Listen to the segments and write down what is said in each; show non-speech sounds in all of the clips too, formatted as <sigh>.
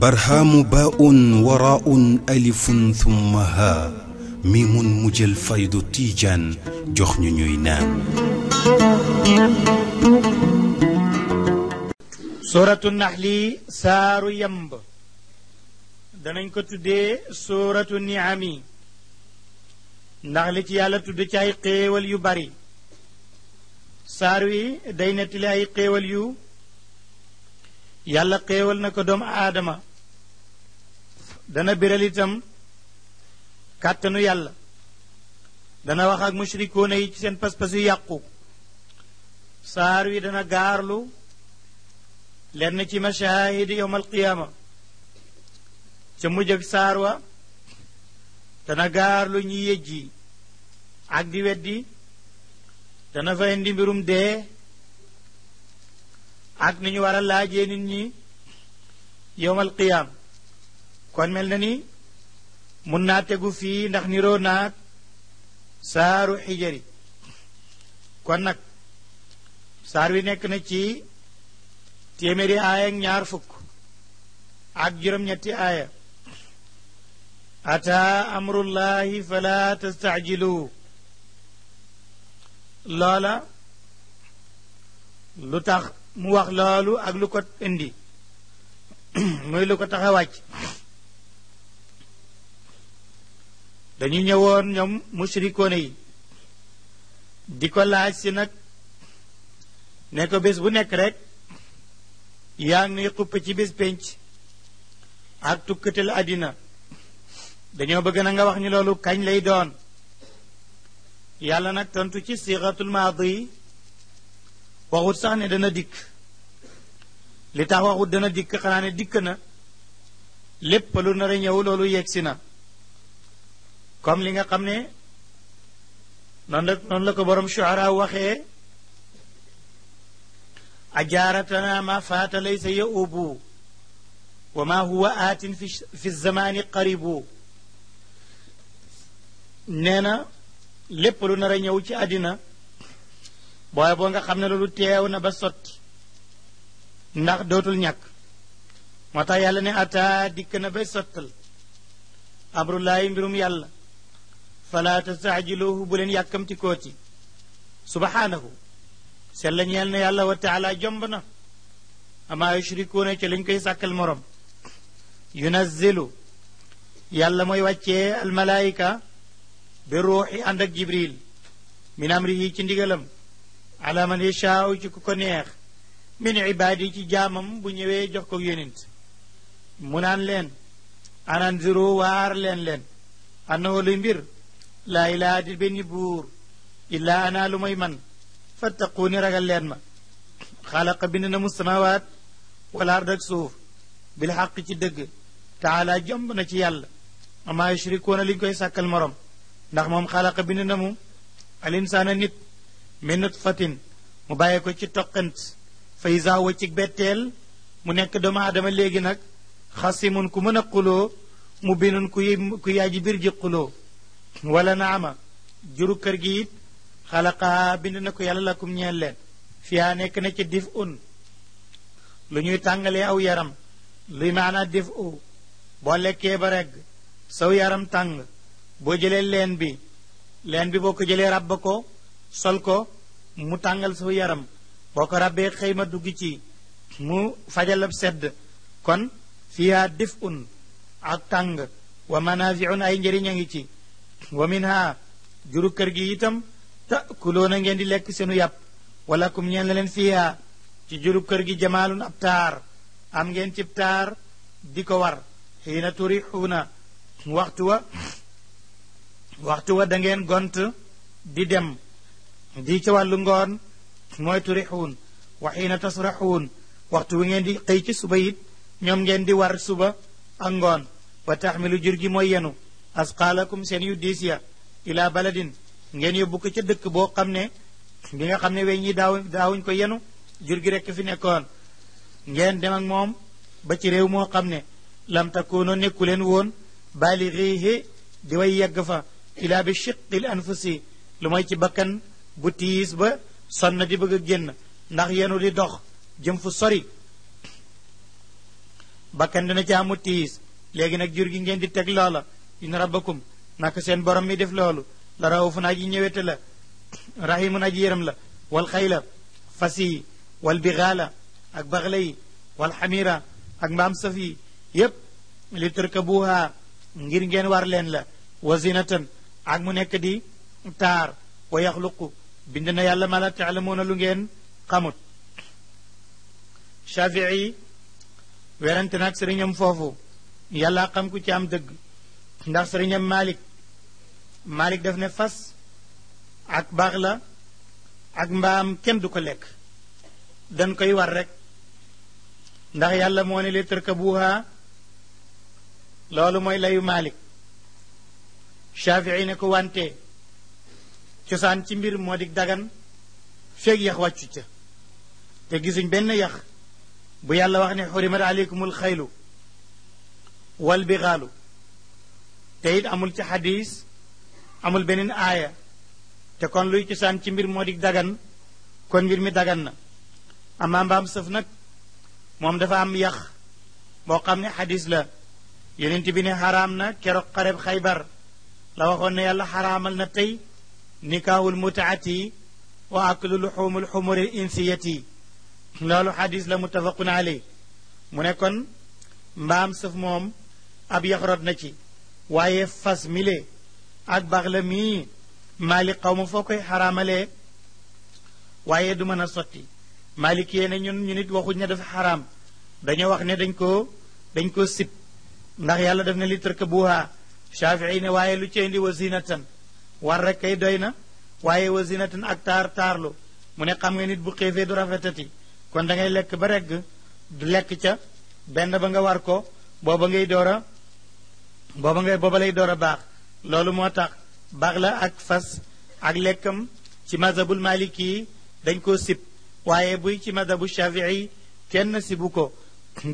barhaamu baa un waraa un alifun thumma haa mi mun mujjal faydu tiijaan jox ñu ñuy naan. naxli saaru yamb danañ ko tuddee sooratu niami ndax li ci yàlla tudd ci yu bari. saar wi day nettali ay xéewal yu yàlla xéewal na ko doomu aadama dana biral itam kàttanu yàlla dana wax ak mushrikoona yi ci seen pas-pas yu yàqu saar wi dana gaarlu lenn ci mashaahidi yowm alqiyaama ca mujj ak saar wa dana gaarlu ñi yëjji ak di weddi dana fa indi mbirum dee ak ni ñu war a laajee nit ñi yowmal qiyaam kon mel na ni mun naa tegu fii ndax niroo naag saaru xijari kon nag saar wi nekk na ci téeméeri aaya ak ñaar fukk ak juróom-ñetti aaya ataa amrullahi fala tastaajilu loola lu tax mu wax loolu ak lu ko indi <clears throat> muy lu ko taxe wàcc dañu ñëwoon ñoom mushrikoone yi di ko laaj si nag ne ko bés bu nekk rek yaa ngi xupp ci bés pénc ak tukkatal àddina dañoo bëgg na nga wax ñu loolu kañ lay doon yàlla nag tontu ci sixatul maadi waxut sax ne dana dikk li tax waxut dana dikk xanaa ne dikk na lépp lu nar a ñëw loolu yegsi na comme li nga xam ne noonu la noonu la ko borom shuara waxee ajaaratana ma faata laysa yaubu wa ma huwa aatin fi fi zamaani qaribu nee na lépp lu nar a ñëw ci àddina booy boo nga xam ne loolu teew na ba sot ndax dootul ñàkk moo tax yàlla ne ata dikk na bay sottal amrullaahi mbirum yàlla fala tastaajiluhu bu leen yàkkamti kooti subhaanahu sella ñeel na yàlla wa taala jomb na ama yushrikuuna ci lañ koy sàkkal morom yunazzilu yàlla mooy wàcce almalayika bi ruuxi ànd ak jibril min amrihi ci ndigalam ala man yashaau ci ku ko neex min ibaadi ci jaamam bu ñëwee jox ko yonent mu naan leen ananziru waar leen leen annahu luy mbir laa ilaa di benn buur illaa ana lu may man fattaquuni ragal leen ma xalaqa bind na mu samawaat wala ard ak suuf bil xaq ci dëgg taala jomb na ci yàlla ama yushrikuuna liñ koy sàkkal morom ndax moom xalaqa bind na mu al nit min fatin mu bàyyi ko ci toqent fa isa wa betteel mu nekk doomu aadama léegi nag xasimun ku mën a xuloo mu binun ku ku yaaji biir ji walla na naama juru kër gi it xalaqaa bind na ko yàlla lakum ñeel leen fiyaa nekk na ci dif un lu ñuy tàngalee aw yaram luy maanaa dif u boo lekkee ba regg saw yaram tàng boo jëlee leen bi leen bi boo ko jëlee ràbb ko sol ko mu tàngal sa yaram boo ko ràbbee xëyma dugg ci mu fajalab sedd kon fiha dif un ak tàng wa manafiun ay njëriñ a ngi ci wa minha kër gi itam takuloona ngeen di lekk seenu yàpp wala kum ñeen leen fiha ci juru kër gi jamaalun ab am ngeen cib taar di ko war xiina turixuuna waxtu wa waxtu wa da ngeen gont di dem di ci wàllu ngoon mooy turixuun waxiina tasraxuun waxtu wi ngeen di xëy ci suba it ñoom ngeen di war suba ak ngoon wa taxmilu jur gi mooy yenu asqaalakum seen yu diis ya ila baladin ngeen yóbbu ko ca dëkk boo xam ne bi nga xam ne weñ ñi daaw daawuñ ko yenu jur gi rekk fi nekkoon ngeen dem moom ba ci réew moo xam ne lam takoonoo nekku leen woon baalixiihi di way yegg fa الى بشق الانفس لماي تي بكن بوتيس ب سن دي بغا ген ناخ ينو دي دوخ جيم فو بكن دنا تي امو تيس لغي نك جورغي نين دي تك لالا ان ربكم نكسين برمي بروم مي ديف لولو لا راوف ناجي نيويت لا رحيم ناجي يرم لا والخيل فسي والبغال اك والحميره اك سفي يب لتركبوها ngir ngeen war len la ak mu nekk di taar wa yaxluqu bind na yàlla ma la taalamuuna lu ngeen xamut shafii werante nag sëriñam foofu yàlla xam ku ci am dëgg ndax sëriñam malik malik def ne fas ak baax la ak mbaam kenn du ko lekk dañ koy war rek ndax yàlla moo ne li tërkabuha loolu mooy layu malik shafi'i ne ko wante cosaan ci mbir moo di dagan feeg yax wàccu ca te gisuñ benn yax bu yàlla wax ne xurimat aleykumul xaylu wal bigaalu te it amul ci xadis amul beneen aaya te kon luy cosaan ci mbir moo di dagan kon mbir mi dagan na amaa mbaam sëf nag moom dafa am yax boo xam ne xadis la yonent bi ne xaraam na keroog xareb xaybar la waxoon ne yàlla xaraamal na tey nikaawul mutaati wa aklu luxumul xumuril insiyati loolu xadis la muttafaqun aley mu ne kon mbaam sëf moom ab yaxrot na ci waaye fas mile ak baax la mii maali xaw ma foo koy xaraamalee waaye du mën a sotti maaliki yee ne ñun ñu nit waxuñ ne dafa xaraam dañoo wax ne dañ ko dañ ko sib ndax yàlla def ne li tërka buuhaa shafii ne waaye lu ci indi wa zinatan war rek kay doy na waaye wa zinatan ak taar taarlu mu ne xam nga nit bu xiifee du rafetati kon da ngay lekk ba regg du lekk ca benn ba nga war ko booba ngay door a booba ngay booba lay door a baax loolu moo tax baax la ak fas ak lekkam ci mazhabul maliki yi dañ koo sib waaye buy ci mazhabu shafii kenn sibu ko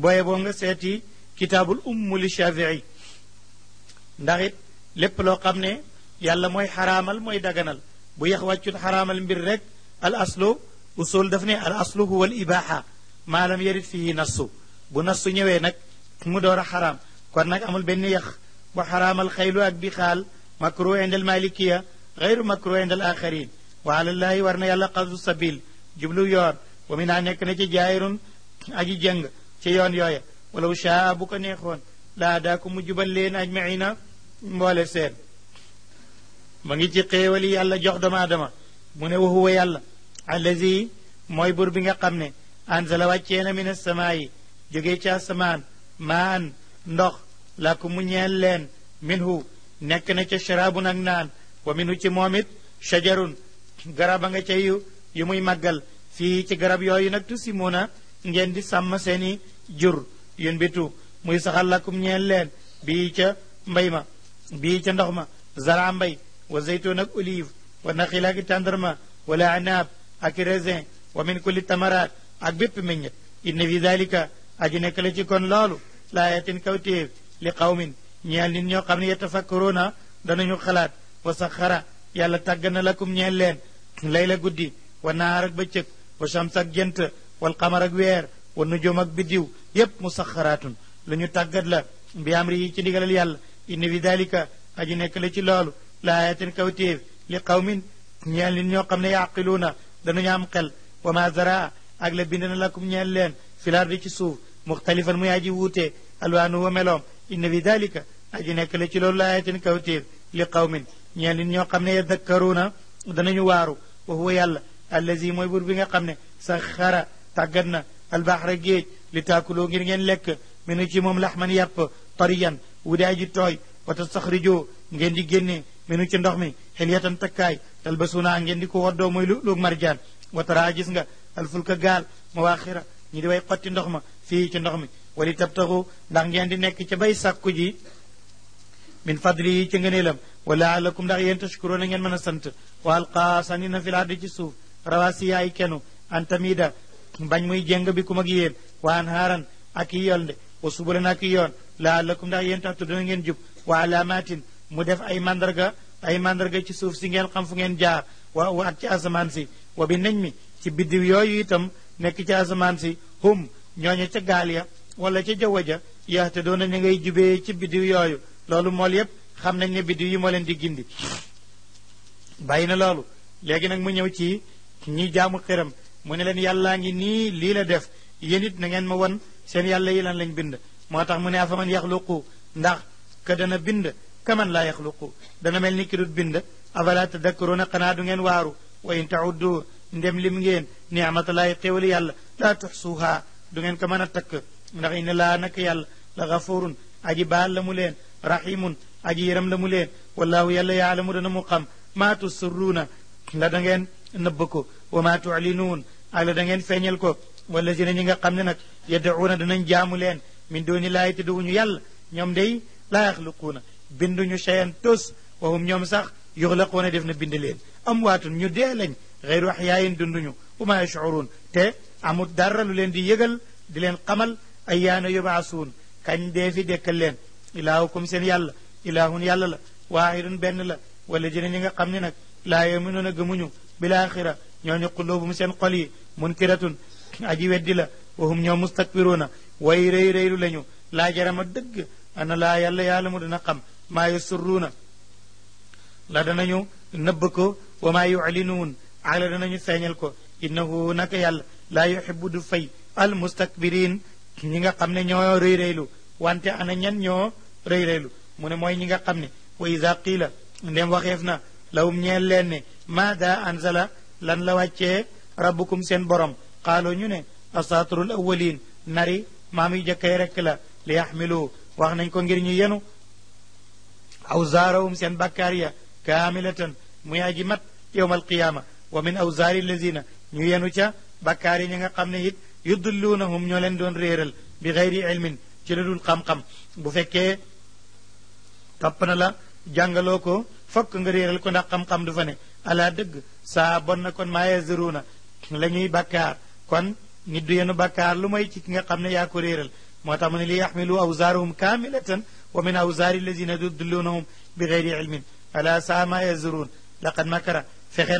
booye boo nga seeti kitaabul umm li shafii ndax it lépp loo xam ne yàlla mooy xaraamal mooy daganal bu yax wàccut xaraamal mbir rek al aslu usul daf ne al aslu huwa al ibaaxa maalam yarit fii nassu bu nassu ñëwee nag mu door a xaraam kon nag amul benn yax bu xaraamal xaylu ak bi xaal makru indal malikiya gayru makru indal axarin wa alallaahi war na yàlla xasdu sabil jublu yoon wa mi naa nekk na ci jaayirun aji jëng ci yoon yooya walaw shaa bu ko neexoon laa daa ko mu jubal leen ajmaina mboole seen ma ngi ci xéewali yàlla jox doomu aadama mu ne waxuwa yàlla allazi mooy bur bi nga xam ne anzala wàccee na mina samaa yi jógee ci asamaan ndox la ko mu ñeel leen minhu nekk na ca sharaabun ak naan wa minhu ci moom it garab a nga ca yu muy màggal fii ci garab yooyu nag tusimuna ngeen di sàmm seeni jur yun bitu muy saxal lakum ñeen leen bii ca mbay ma bii ca ndox ma zara mbay wa zaytun ak olive wa naxil ak tàndarma wala anaab ak raisin wa min kulli tamaraat ak bépp meññet inna fi dalika aji nekk la ci kon loolu laayatin kawtéef li qawmin ñeel nit ñoo xam ne yatafakkaruuna danañu xalaat wa saxara yàlla tàgg na lakum ñeel leen layla guddi wa naar ak bëccëg wa shams ak jant wal qamar weer wa nujum ak biddiw mu musaxaraatun lu ñu tàggat la bi amri yi ci ndigalal yàlla inna fi dalika aji nekk la ci loolu laayatin kawtéef li qawmin ñeel nit ñoo xam ne yaqiluuna danañu am xel wa ma zaraa ak la bind na lakum ñeel leen filaar di ci suuf muxtalifan muy aji wuute alwaanu wa meloom inna fi dalika aji nekk la ci loolu laayatin kawtéef li qawmin ñeel nit ñoo xam ne yadakkaruuna danañu waaru wa huwa yàlla allazi mooy buur bi nga xam ne saxara tàggat na albaxra géej li taakuloo ngir ngeen lekk minu ci moom laxman yàpp tariyan wu di aji tooy wa tastaxrijoo ngeen di génne minu ci ndox mi xilyatan takkaay naa ngeen di ko waddoo mooy lu luog marjaan wa taraa gis nga alfulka gaal mawaaxira ñi di way xotti ndox ma fii ci ndox mi wali tabtaxu ndax ngeen di nekk ci bay sàkku ji min fadli yi ca ngëneelam wala alakum ndax yéen tashkuroona ngeen mën a sant wa alqaa na fil ardi ci suuf rawaasi yaay kenu an tamida bañ muy jéng bi ku mag ak yi wa subulana ki yoon laalakum ndax yéen tax dana ngeen jub wa alaamaatin mu def ay mandarga ay mandarga ci suuf si ngeen xam fu ngeen jaar wa wa ak ci asamaan si wa bi nañ mi ci biddiw yooyu itam ci si hum ñooñu ca wala ca jaww ja yaxte doona ñu ngay jubee ci biddiw yooyu loolu mool yépp xam nañ ne biddiw yi moo leen di gindi bàyyi na loolu léegi mu ñëw ci ñi jaamu mu ne ngi la def yéen na ngeen ma won seen yàlla yi lan lañ bind moo tax mu ne afaman yaxluqu ndax ka dana bind kaman laa yaxluqu dana mel ni ki dut bind avala tadakkaruuna xanaa du ngeen waaru wa in tauddu ndem lim ngeen niamatallaahi xéwali yàlla laa tuxsuuhaa du ngeen ko mën a takk ndax inna laa nak yàlla la gafurun aji baal la mu leen rahimun aji yëram la mu leen wallaahu yàlla yaalamu dana mu xam maa tusirruuna la da ngeen nëbb ko wa ma tuclinuun ak la da ngeen feeñal ko والذين نيغا خامن نك يدعون دنا جاملين من دون الله تدعو ني يال نيوم دي لا يخلقون بند ني شيان توس وهم نيوم صح يغلقون ديفنا بند لين اموات ني دي لاني غير احياء دند ني وما يشعرون تي امو دار لو لين دي ييغال دي لين خمال يبعثون كان دي في ديكل لين الهكم سين يال اله يال واحد بن لا والذين نيغا خامن لا يؤمنون غمو بالاخره ñoñu qulubum sen qoli munkiratun aji weddi la wahum ñoo mustakbiruuna way réy réylu lañu laa jarama dëgg ana laa yàlla yàlla mu dana xam maa yusurruuna la danañu nëbb ko wa maa yuclinuun ak la danañu seeñal ko innahu naka yàlla laa yuxibu du fay al mustakbiriin ñi nga xam ne ñoo réy réylu wante ana ñan ñoo réy mu ne mooy ñi nga xam ne wa iza la ndem waxeef na lawum ñeel leen ne maada anzala lan la wàcce rabbukum seen borom qaaloo ñu ne asaaturul awalin nari maam yu jëkkay rekk la li yaxmilu wax nañ ko ngir ñu yenu awzaarawum seen bakkaar ya kaamilatan muy aji mat yowma alqiyaama wa min awzaari lazina ñu yenu ca bakkaar yi ñi nga xam ne it yudilluunahum ñoo leen doon réeral bi gayri ilmin ci la dul xam-xam bu fekkee topp na la jàngaloo ko fokk nga réeral ko ndax xam-xam du fa ne alaa dëgg saa bon na kon maa yazruuna la ñuy bakkaar kon nit du yenu bakkaar lu may ci ki nga xamne ya ko réeral moo man li yahmilu awsaarahum kamilatan wa min awsaari allazina yudillunahum bighayri ilmin ala sa ma yazurun laqad makara fexe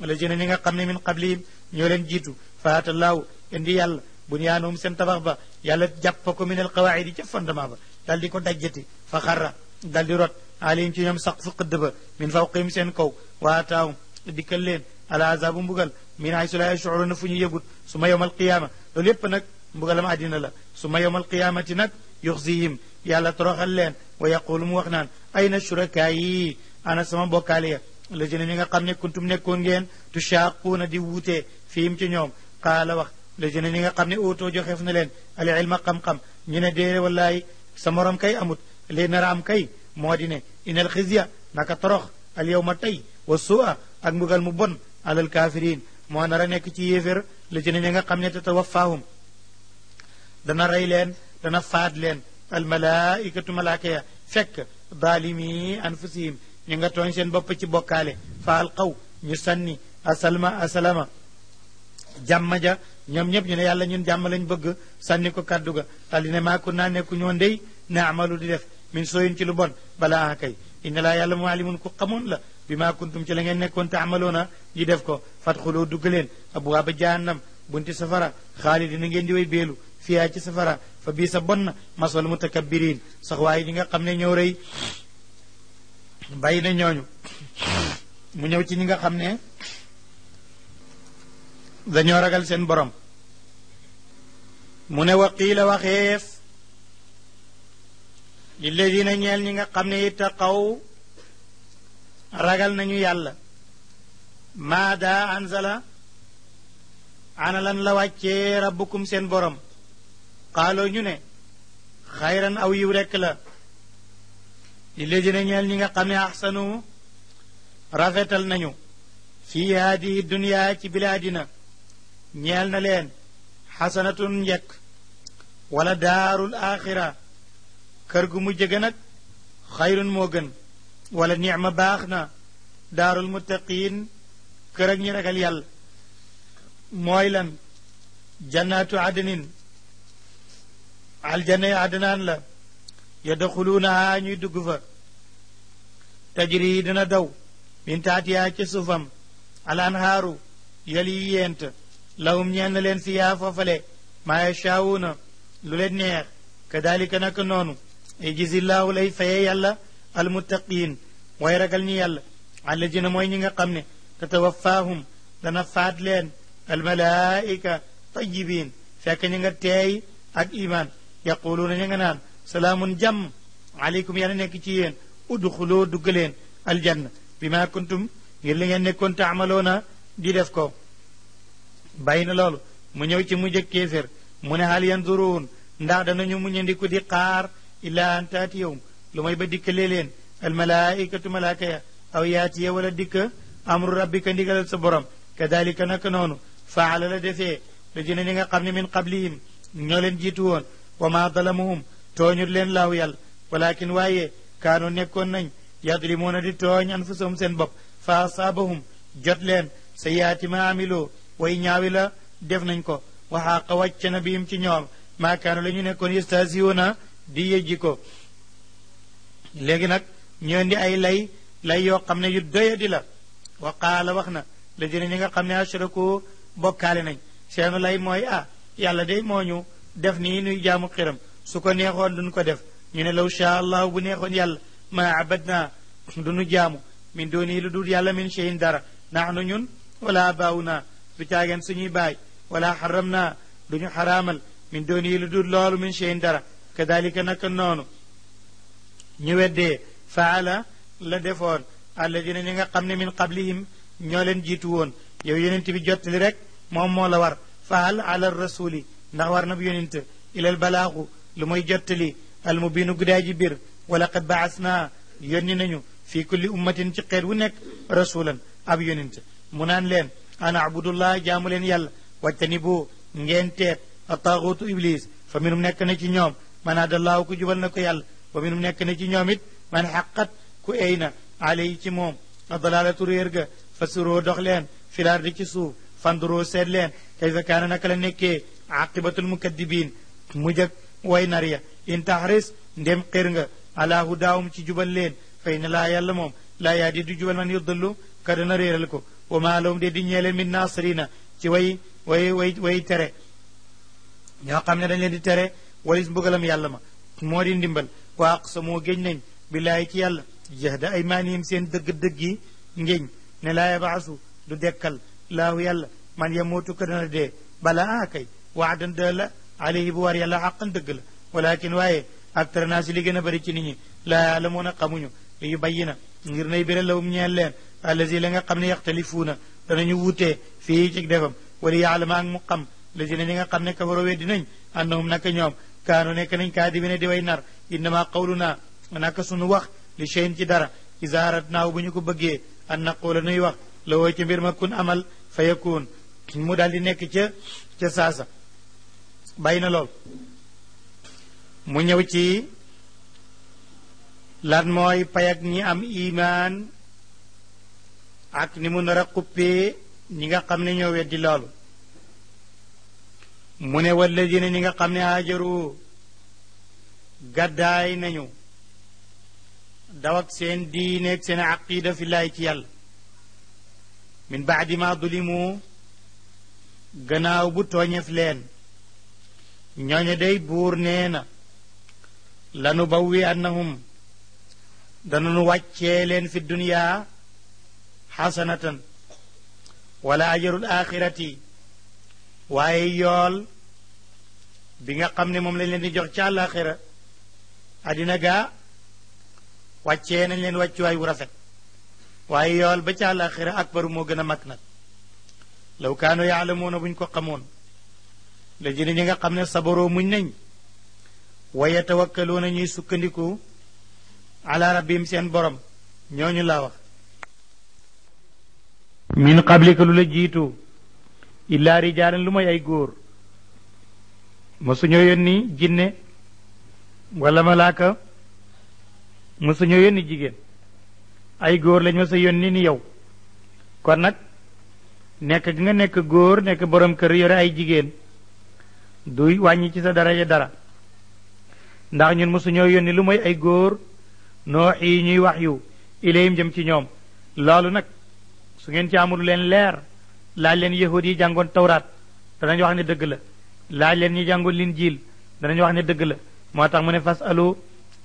wala jene ñi nga xamne min qabli ñoo jitu jiitu faata laahu indi yàlla bunyaanahum sen tabakh ba yàlla jàpp ko min al alqawaidi ci fondama ba dal di ko dajjeti fa kharra dal di rot alayhim ci ñom saqfu qëdd ba min fawqihim sen kaw wa taw dikkal leen ala azabu mbugal min ay su la yashuruna fu ñu yëgut su ma yowmal qiyaama loolu yépp nag mbugalam àddina la su ma yowmal qiyaamati nag yuxzihim yàlla toroxal leen wa yaqulu mu wax naan ayna shurakaa yi ana sama bokkaale ya la jëne ñi nga xam ne kuntum nekkoon ngeen tushaaquuna di wuutee fiim ci ñoom qaala wax la jëne ñi nga xam ne ootoo joxeef na leen al ilma xam-xam ñu ne déere wallaay sa morom kay amut li nara am kay moo di ne inal xizya naka torox al yowma tey wa su'a ak mbugal mu bon alal kaafiriin moo nar a nekk ci yéefér la ci ne ña nga xam ne tatawafaahum dana rey leen dana faat leen almalaikatu malaaka ya fekk daalimi anfusihim ñu nga tooñ seen bopp ci bokkaale fa alqaw ñu sanni asalma asalama jàmm ja ñoom ñëpp ñu ne yàlla ñun jàmm lañ bëgg sànni ko kàddu ga ali ne maa kun naa nekku ñoo ndey na amalu di def min sooyin ci lu bon balaa kay inna laa yàlla mu alimun ku xamoon la bima kuntum ci la ngeen nekkoon taamaloona di def ko fadxuloo dugg leen abwaaba jahannam bunti safara xaalidina ngeen di way beelu fiyaa ci safara fa bii sa bon na masal mutakabbiriin sax waaye ñi nga xam ne ñëw rëy bàyyi na ñooñu mu ñëw ci ñi nga xam ne dañoo ragal seen borom mu ne wa qiila waxeef lilladina ñeel ñi nga xam ragal nañu yàlla maa daa anzala ana lan la wàccee rabbukum seen borom xaaloo ñu ne xayran aw yiw rekk la li léegina ñeel ñi nga xam ne axsanu rafetal nañu fii haadihi duniyaa ci bilaadina ñeel na leen xasanatun njekk wala daarul axira kër gu mujj ga nag moo gën ولا نعمة باخنا دار المتقين كرن يرغل يال مويلا جنات عدن على الجنة عدنان لا يدخلونها نيدقفا تجريدنا دو من تاتيا كسفم على انهار يلي ينت لهم نيان لنسيا ففلي ما يشاؤون لولد نير كذلك نكنون يجزي الله لي فيي الله المتقين ويرغل نيال على جن موي نيغا خامني تتوفاهم دنا فاد الملائكه طيبين فك نيغا تاي اك ايمان يقولون نيغا سلام جم عليكم يا نيك ادخلوا دغلين الجنه بما كنتم يلي نين نكون تعملون دي ديفكو باين لول مو نيو تي مو جيك كيفر مو نه هل ينظرون ندا دنا نيو مو ندي كودي قار الا ان تاتيهم lu mooy ba dikkalee leen almalaaikatu malaaka ya aw yaatiya wala dikka amru rabbika ndigalal sa borom kadalika naka noonu faala la defee la dina ñi nga xam ne min qablihim ñoo leen jiitu woon wa ma dalamuhum tooñut leen laaw yàlla walakin waaye kaanu nekkoon nañ yadlimuuna di tooñ anfusahum seen bopp fa asaabahum jot leen sa yaati ma amiloo way ñaawi la def nañ ko waxaaqa wàcc na biim ci ñoom maakaanu la ñu nekkoon yestasiyoona di yejji ko léegi nag ñu indi ay lay lay yoo xam ne yu doyadi la wa qaala wax na la dina ñi nga xam ne ashraku bokkaale nañ seenu lay mooy ah yàlla day moo ñu def nii nuy jaamu xiram su ko neexoon duñ ko def ñu ne law shaa allahu bu neexoon yàlla ma abadna nu <laughs> jaamu min dooni lu dul yàlla min cheyin dara naxnu ñun wala baaw naa du caageen suñuy baay wala xaram naa duñu xaraamal min dooni lu dul loolu min cheyin dara kadalika naka noonu ñu weddee faala la defoon alladina ñi nga xam ne min qablihim ñoo leen jiitu woon yow yonent bi jottali rek moom moo la war fahal ala rasuli ndax war na bu yonent ilal balaaxu lu mooy jottali almubiinu guddaa ji biir walaqad baasnaa yónni nañu fii kulli ummatin ci xeet wu nekk rasulan ab yonent mu naan leen ana abudullah jaamu leen yàlla wajtani bu ngeen teet ataaxuutu iblis fa minum nekk na ci ñoom man adallaahu ko jubal na ko yàlla wa minum nekk na ci ñoom it man xaqat ku ey na ci moom adalaalatu réer ga fasuroo dox leen filaar di ci suuf fanduroo seet leen kayfa kaana naka la nekkee aqibatul mu jëg way nar ya in taxris ndem xir nga alaa hudaawum ci jubal leen fay na laa yàlla moom laa yaa di du jubal man yudallu ka dana réeral ko wa maa lahum de di ñeeleen min nasirina ci way way way way tere ñoo xam ne dañ leen di tere walis mbugalam yàlla ma moo di ndimbal wa aqsamoo géñ nañ billaahi ci yàlla jahda aymaanihim seen dëgg-dëgg yi ngéñ ne laa yabaasu du dekkal laahu yàlla man yamootu ko dana dee bala a ah, kay waadan da la alayhi bu war yàlla xaqan dëgg la walakin waaye aktar naa si li gën a bëri ci nit ñi laa yaalamuuna xamuñu li yu bayyi na ngir nay bira lawum ñeel leen allazi la nga xam ne yaxtalifuuna ñu wuutee fii ci defam wala yaalama ak mu xam lazi na ñi nga xam ne kafaroo weddi nañ annahum naka ñoom kaanu nekk nañ kaadibina di way nar innama qawluna naka sunu wax li cheyin ci dara isaarat naaw bu ñu ko bëggee an naqula nuy kun amal fa yakun mu daal di nekk ca ca saasa bàyyi na am iman ak ni niga nar a xuppee mu ne walladina ñi nga xam ne haajaru gàddaay nañu daw ak seen diineeg seen aqida fillaay ci yàlla min baadi ma dulimu gannaaw bu tooñef leen ñooñu day buur nee na lanu bawwi annahum dananu wàccee leen fi duniyaa xasanatan wala ajarul axirati waaye yool bi nga xam ne moom lañ leen di jox ci àllaaxira àddina gaa wàccee nañ leen wàccuwaay wu rafet waaye yool ba ci àllaaxira akbaru moo gën a mag nag law kaanu yaalamuuna buñ ko xamoon la jëne ñi nga xam ne sabaroo muñ nañ wa yatawakkaluuna ñuy sukkandiku ala rabbihim seen borom ñooñu laa wax min qablika lu la jiitu illaa rijaalan lu mooy ay góor mosuñoo yónni jinne wala malaaka mosuñoo yónni jigéen ay góor lañ sa yónni ni yow kon nag nekk gi nga nekk góor nekk borom kër yore ay jigéen duy wàññi ci sa daraja dara ndax ñun mosuñoo yónni lu mooy ay góor noo yi ñuy wax yu ilayhim jëm ci ñoom loolu nag su ngeen ci amul leen leer laaj leen yahud jàngoon tawraat danañ wax ne dëgg la laaj leen ñi jàngoon linjiil danañ wax ne dëgg la moo tax mu ne fas alu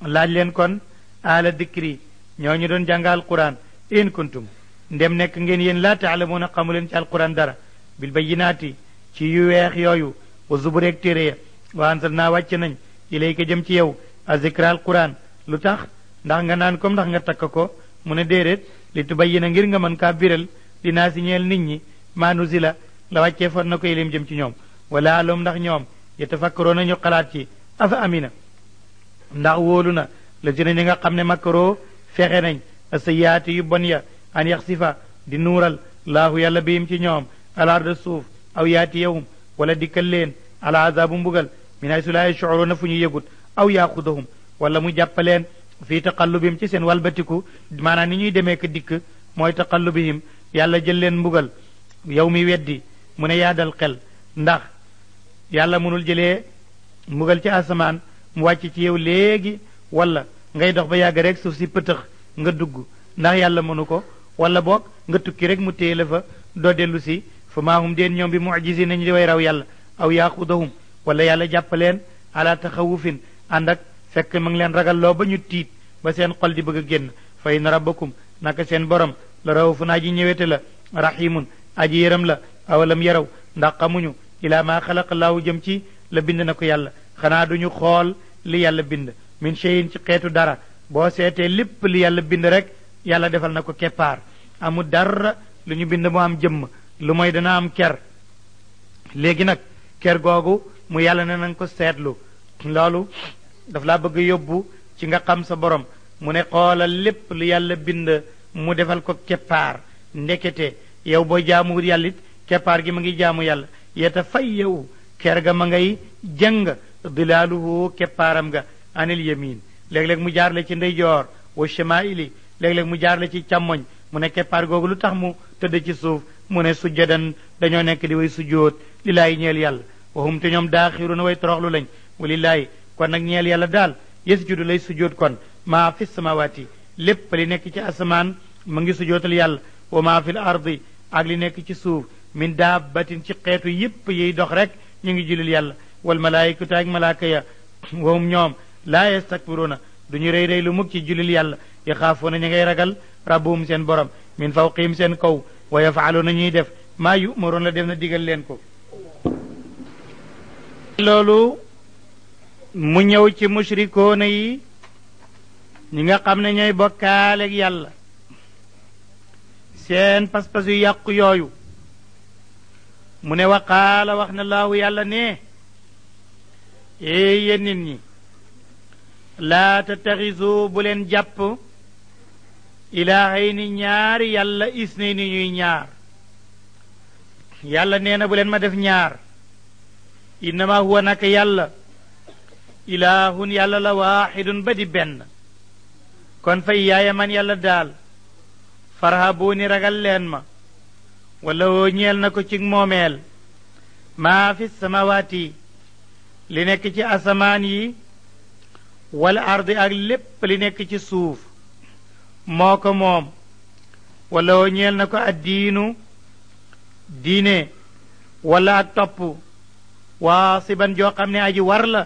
laaj leen kon aala dikri ñoo ñu doon jàng alquran in kuntum ndem nekk ngeen yéen laa taalamuuna xamu leen ci alquran dara bil bayinaati ci yu weex yooyu wa zubureeg téere ya wa ansal naa wàcc nañ ilayka jëm ci yow a zikra alquran lu tax ndax nga naan comme ndax nga takk ko mu ne déedéet li tubayyina ngir nga mën kaa biral dinaa si ñeel nit ñi maa nuzila la wàccee fon na ko ilim jëm ci ñoom wala lum ndax ñoom yatafakkaroo nañu xalaat ci afa amina ndax wóolu la si ñi nga xam ne makkaroo fexe nañ asayaati yu bon ya an yaxsifa di nuural laahu yàlla biim ci ñoom alaarda suuf aw yaati yawum wala dikkal leen ala azabu mbugal min ay sulaaye shucuruuna fu ñu yëgut aw yaaxudahum wala mu jàppaleen fii taqallubihim ci seen walbatiku maanaam ni ñuy demee ka dikk mooy taqallubihim yàlla jël leen mbugal yow mi weddi mu ne yaadal xel ndax yàlla mënul jëlee mbugal ci asamaan mu wàcc ci yow léegi wala ngay dox ba yàgg rek suuf si pëtëx nga dugg ndax yàlla mënu ko wala boog nga tukki rek mu téye la fa doo dellu si fa maahum deen ñoom bi mujisi nañu di way raw yàlla aw yaaxudahum wala yàlla jàppaleen ala taxawufin ànd ak fekk ma ngi leen ragal loo ba ñu tiit ba seen xol di bëgg a génn fa na rabbakum naka seen borom la raw fu naa ji ñëwete la rahimun aji yéram la awalam yaraw ndax xamuñu ilaa maa xalaq laahu jëm ci la bind na ko yàlla xanaa duñu xool li yàlla bind min ci xeetu dara boo seetee lépp li yàlla bind rek yàlla defal na ko keppaar amul dara bind mu am jëmm lu mooy dana am ker léegi nag ker googu mu yàlla ne nañ ko seetlu loolu daf laa bëgg yóbbu ci nga xam sa borom mu ne xoolal lépp lu yàlla bind mu defal ko keppaar ndekete yow boo jaamuwul yàlla it keppaar gi ma ngi jaamu yàlla yeta fay yow ker ga ma ngay jëng dilaaluhu keppaaram ga anil yamin léeg-léeg mu jaar ci ndeyjoor wa shamaili léeg-léeg mu jaar ci càmmoñ mu ne keppaar googu lu tax mu tëdd ci suuf mu ne sujjadan dañoo nekk di way sujjóot li laay ñeel yàlla waxum te ñoom daaxiruuna way toroxlu lañ walilaay kon nag ñeel yàlla daal yasjudu lay sujjóot kon maa fi samawaati lépp li nekk ci asamaan mu ngi sujjóotal yàlla wa maa fi l ardi ak li nekk ci suuf min batin ci xeetu yépp yiy dox rekk ñu ngi julil yàlla wal malaayikatu ak malaaka ya wahum ñoom laa yastakbiruuna duñu rey rëy lu mukk ci julil yàlla yaxaafuuna ñu ngay ragal rabbuhum seen borom min fawqihim seen kaw wa yafaaluuna ñuy def maa yumaroon la def na digal leen ko loolu mu ñëw ci mushrikoona yi ñi nga xam ne ñooy bokkaaleeg yàlla seen pas-pas yu yàqu yooyu mu ne waqaala wax na laahu yàlla ne ee yéen nit ñi laa tattaxisu bu leen jàpp ilaahay ni ñaari yàlla is ni ni ñuy ñaar yàlla nee na bu leen ma def ñaar innama huwa naka yàlla ilaahun yàlla la waaxidun ba di benn kon fa iyaaya man yàlla daal farhabuuni ragal leen ma wala woo ñeel na ko ci moomeel maa fi samawaati li nekk ci asamaan yi wala ardi ak lépp li nekk ci suuf moo ko moom wala woo ñeel na ko addiinu diine wala topp waa siban joo xam ne aji war la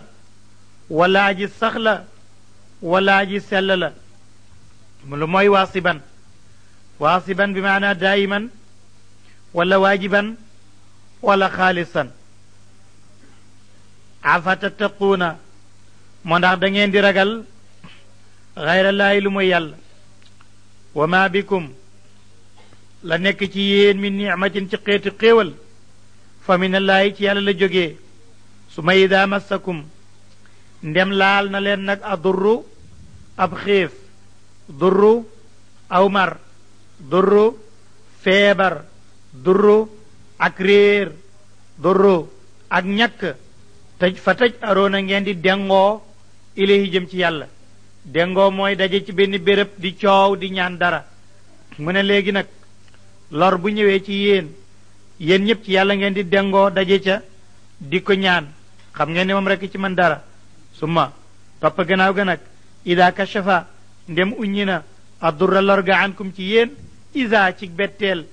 wala aji sax la wala aji sell la lu mooy waasiban واصبا بمعنى دائما ولا واجبا ولا خالصا عفا تتقون من دغين دي رغال غير الله لم يال وما بكم لا نيك تي من نعمه تقيت قول فمن الله تي يالا جوغي ثم اذا مسكم ندم لال نلن نك اضر اب خيف او مر durru feebar durru ak réer durru ak ñakk tëj fa tëj aroona ngeen di dengoo ilahi jëm ci yàlla dengoo mooy daje ci benn béréb di coow di ñaan dara mu ne léegi nag lor bu ñëwee ci yéen yéen ñëpp ci yàlla ngeen di dengoo daje ca di ko ñaan xam ngeen ne moom rekk ci mën dara suma topp gannaaw ga nag ida kashafa ndem uññi na addurra lorga ankum ci yéen isa ci betteel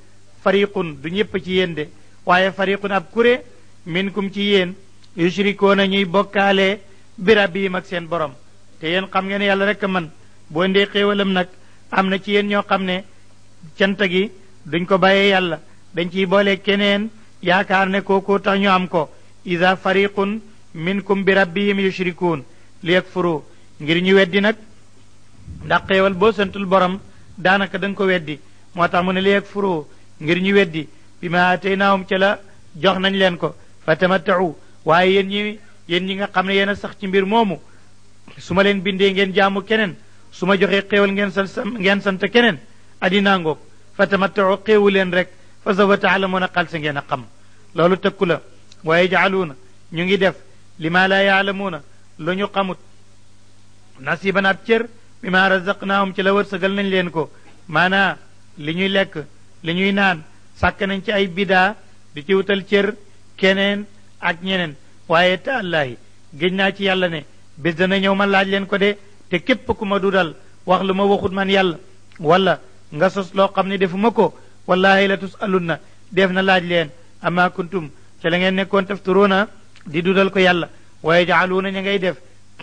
fariqun du ñëpp ci yéen de waaye fariqun ab kuré minkum ci yéen yushrikoona ñuy bokkaale birabiim ak seen borom te yéen xam ngeen yàlla rek man boo ndee xéewalam nag am na ci yéen ñoo xam ne cant gi duñ ko bàyyee yàlla dañ ciy boole keneen yaakaar ne ko ko tax ñu am ko isa fariqun minkum birabbihim yushrikuun li yakfuru ngir ñu weddi nag ndax xéewal boo santul borom daanaka da nga ko weddi moo tax mu ne léeg furoo ngir ñu weddi bi ma ataynaahum ca la jox nañ leen ko fa tamattau waaye yéen ñi yéen ñi nga xam ne yéen a sax ci mbir moomu su ma leen bindee ngeen jaamu keneen su ma joxee xéewal ngeen sant ngeen sant keneen addinaa ngoog fa tamattau xéewu leen rek fa sawfa taalamuuna xal sa ngeen a xam loolu tëkku la waaye jaaluuna ñu ngi def li ma laa yaalamuuna lu ñu xamut nasiban ab bi ma razaqnaahum ci la wërsëgal nañ leen ko maanaa li ñuy lekk li ñuy naan sàkk nañ ci ay bidaa di ci wutal cër keneen ak ñeneen waaye te allaahi géej naa ci yàlla ne bés dana ñëw ma laaj leen ko de te képp ku ma dudal wax lu ma waxut man yàlla wala nga sos loo xam ne defuma ko wallaahi la tus alun na def na laaj leen ama kuntum ca la ngeen nekkoon na di dudal ko yàlla waaye jaaluuna ña ngay def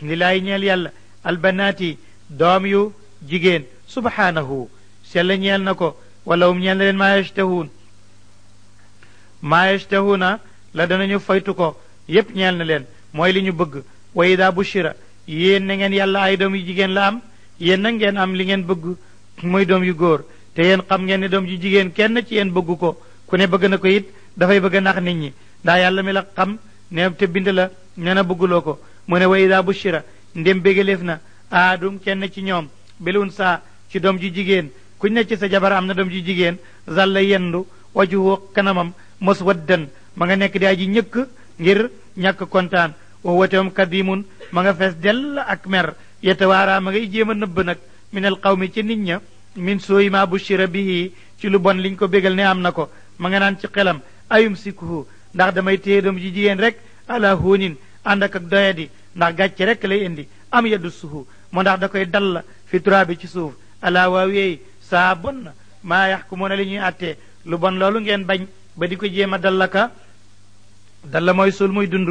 li laay ñeel yàlla albanaati doom yu jigéen subhaanahu sell ñeel na ko wala um ñeel na leen maa yashtahuun maa yashtahuuna la danañu faytu ko yépp ñeel na leen mooy li ñu bëgg wa bu bushira yéen na ngeen yàlla ay doom yu jigéen la am yéen na ngeen am li ngeen bëgg mooy doom yu góor te yéen xam ngeen ne doom yu jigéen kenn ci yenn bëgg ko ku ne bëgg na ko it dafay bëgg a nax nit ñi ndax yàlla mi la xam ne te bind la nee bëgguloo ko mu ne wa ida bu ndem bégaleef na aadum kenn ci ñoom bilun saa ci doom ju jigéen ku nekk ci sa jabar am na doom ju jigéen zàlla yendu wajuhu kanamam mos waddan ma nga nekk di aji ñëkk ngir ñàkk kontaan wa watewam kadimun ma nga fees dell ak mer yetawaaraa ma ngay jéem a nëbb nag minal qawmi ci nit ña min sooy ma bushira bihi ci lu bon liñ ko bégal ne am na ko ma nga naan ci xelam ayum sikuhu ndax damay téye doom ji jigéen rek ala huunin ànd ak ak doyadi ndax gàcc rek lay indi am yaddu suhu moo ndax da koy dal fi turaabi ci suuf alaa waaw yeey saa bon maa yaxkumuuna li ñuy àttee lu bon loolu ngeen bañ ba di ko jéem a dallaka dalla mooy suul muy dund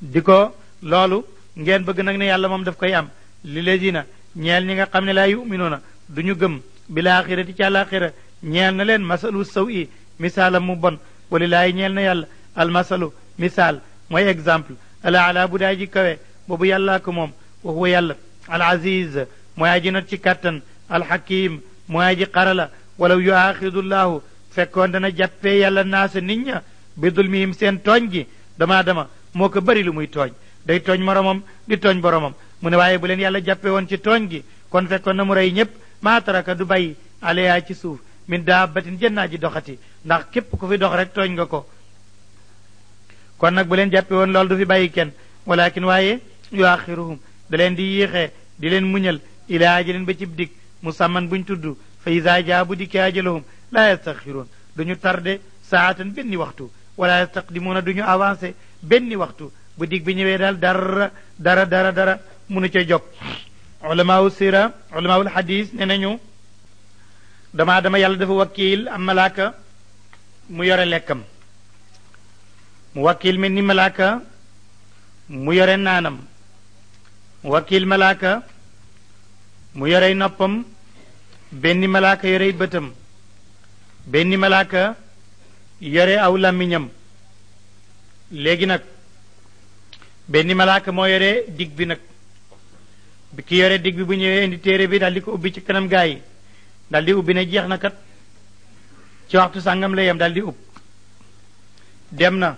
di ko loolu ngeen bëgg nag na yàlla moom def koy am li na ñeel ñi nga xam ne laa yuminuuna du ñu gëm bi laaxirati ci àlaaxira ñeel na leen masalu sëw i misaalam mu bon wali laay ñeel na yàlla almasalu misaal mooy exemple ala bu daay ji boobu yàllaa ko moom wax yàlla al aziz mooy aji ci kàttan al hakim mooy aji xarala walaw yuaaxidullahu fekkoon dana jàppee yàlla naasa nit ña bi dulmihim seen tooñ gi dama dama moo ko bëri lu muy tooñ day tooñ moromam di tooñ boromam mu ne waaye bu leen yàlla jàppee woon ci tooñ gi kon fekkoon na mu rey ñépp maa taraka du bàyyi aleyaa ci suuf min daabatin jënnaa ji doxati ndax képp ku fi dox rek tooñ nga ko kon nag bu leen jàppee woon loolu du fi bàyyi kenn walakin waaye yuaxiruhum da leen di yéexee di leen muñal ilaa ajalin ba cib dig musamman buñ tudd fa isa jaabu di kee ajalahum laa duñu tarde saatan benn waxtu wala yastaqdimuuna duñu avancé benn waxtu bu dig bi ñëwee daal dara dara dara dara munu ca jog ulamaawu sira ulamaawul xadis ne nañu dama dama yàlla dafa wakkiil am malaaka mu yore lekkam mu wakkiil mel ni malaaka mu yore naanam wakiil malaaka mu yorey noppam benn malaaka yorey bëtam benn malaaka yore aw làmmiñam léegi nag benn malaaka moo yore digg bi nag bi ki yore digg bi bu ñëwee indi téere bi daldi ko ubbi ci kanam gaa yi daldi ubbi ne jeex na kat ci waxtu sàngam la yem daldi ub dem na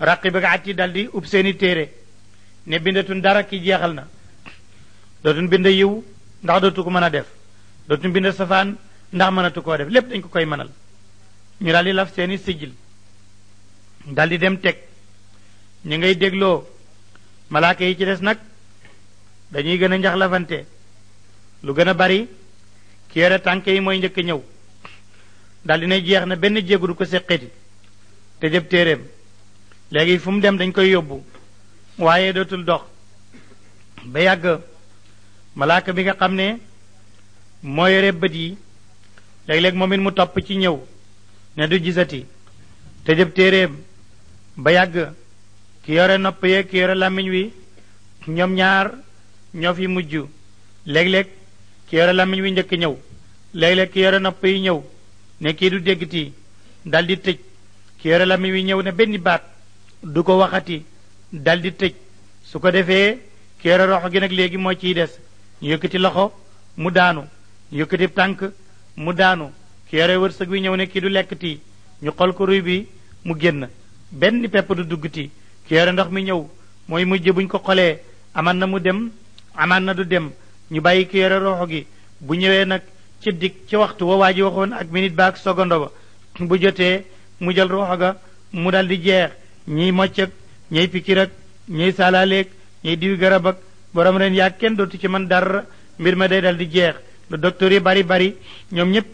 raqib ak ati daldi ub seeni téere ne bindatun dara ki jeexal na dootuñ bind yiw ndax dootu ko mën a def dootuñ bind safaan ndax mënatu koo def lépp dañ ko koy mënal ñu daal di laf seeni sijil daldi dem teg ñu ngay dégloo malaaka yi ci des nag dañuy gën a njaxlafante lu gën a bari ki yore tànk yi mooy njëkk ñëw daal di ne jeex na benn jéegu du ko seqeti te jëb téeréem léegi dem dañ koy yóbbu waaye dootul dox ba yàgg malaaka bi nga xam ne moo yore bët yi léeg-léeg moom mu topp ci ñëw ne du jisati te jëb téeréem ba yàgg ki yore nopp yeeg ki yore làmmiñ wi ñoom ñaar ñoo fi mujj léeg-léeg ki yore làmmiñ wi njëkk ñëw léeg-léeg ki yore nopp yi ñëw ne kii du déggti daldi tëj ki yore làmmiñ wi ñëw ne benn baat du ko waxati dal di tëj su ko defee keere roxo gi nag léegi moo ciy des ñu yëkkati loxo mu daanu ñu yëkkati tànk mu daanu keere wërsëg wi ñëw ne kii du lekk tii ñu xol ko ruy bi mu génn benn pepp du dugg ti keere ndox mi ñëw mooy mujj buñ ko xolee aman na mu dem aman na du dem ñu bàyyi keere roxo gi bu ñëwee nag ci dig ci waxtu wa waa ji waxoon ak minute baak sogondo ba bu jotee mu jël roxo ga mu dal di jeex ñiy mocc ñay pikir ak ñay saalaaleeg ñay diwi garab ak borom ren yaa kenn dootu ci man dara mbir ma day dal di jeex lu docteur yi bari bari ñoom ñëpp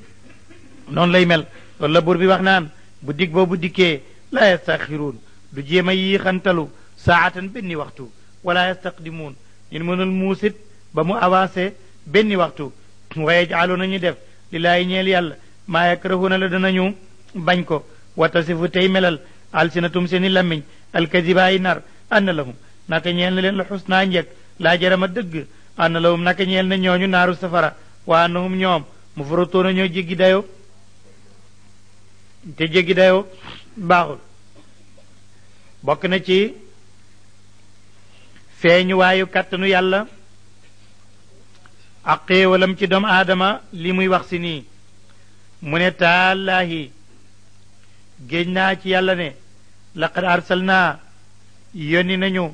noonu lay mel loolu la buur bi wax naan bu dig boobu dikkee laa yastaxiruun du jéem a yiixantalu saatan benn waxtu wala yastaqdimuun ñun mënul muusit ba mu avancé benn waxtu waaye jaalo nañu def lillaahi ñeel yàlla maa yakrahuuna la danañu bañ ko watasifu tey melal alsinatum seeni lammiñ alkadiba yi nar anna naka ñeel na leen la xus naa njëkk laa jarama dëgg anna lahum naka ñeel na ñooñu naaru safara waa annahum ñoom mu faratoona ñoo jéggi dayoo te jéggi dayoo baaxul bokk na ci feeñu waayu kàttanu yàlla ak xéewalam ci doomu aadama li muy wax si nii mu ne taalaahi géej naa ci yàlla ne laqad arsalnaa yónni nañu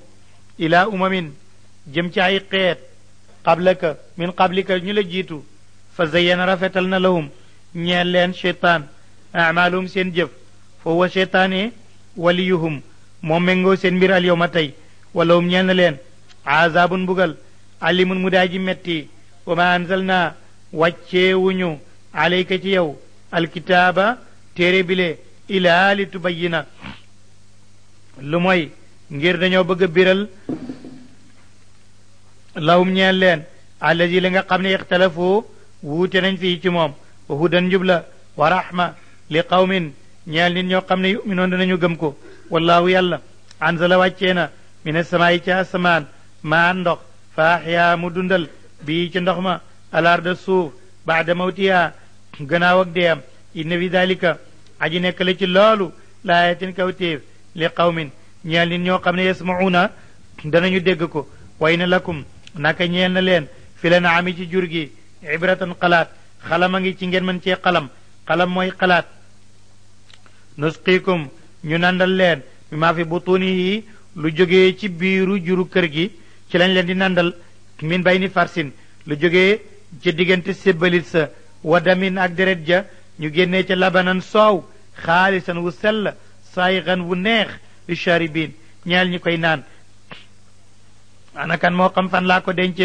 ilaa umamin jëm ci ay xeet qablaka min qablika ñu la jiitu fa zayyana rafetal na lahum ñeel leen cheytaan amaalum seen jëf fa huwa cheytaane waliyuhum moom méngoo seen mbir al yowma tey walahum ñeel na leen azaabun bugal alimun mu daaji metti wa ma anzalna wàcceewuñu alayka ci yow alkitaaba téere bile ilaa li tubayyina lu ngir dañoo bëgg a biral lawum ñeen leen allazi li nga xam ne ixtalafu wuute nañ fii ci moom wa hudan jubla la wa rahma li qawmin ñeel nit ñoo xam ne yuminoon dinañu gëm ko wallahu yàlla anzala wàccee na min asamaayi ci asamaan maan ndox faaxiyaa mu dundal bii ci ndox ma alarda suuf baada mawtiyaa gannaaw ak inna fi dalika aji nekk ci loolu laayatin kawtéef li qawmin ñeel nit ñoo xam ne yasmauna danañu dégg ko way na lakum naka ñeel na leen fi la na ami ci jur gi ibratan xalaat xalam a ngi ci ngeen mën cee xalam xalam mooy xalaat nusqiikum ñu nandal leen mi maa fi butunihi lu jóge ci biiru juru kër gi ci lañ leen di nandal min bay ni farsin lu jóge ci diggante sébbalit sa wadamin ak deret ja ñu génne ca labanan soow xaalisan wu sell saayiran wu neex li charibin ñeel ñi koy naan anakan moo xam fan laa ko denc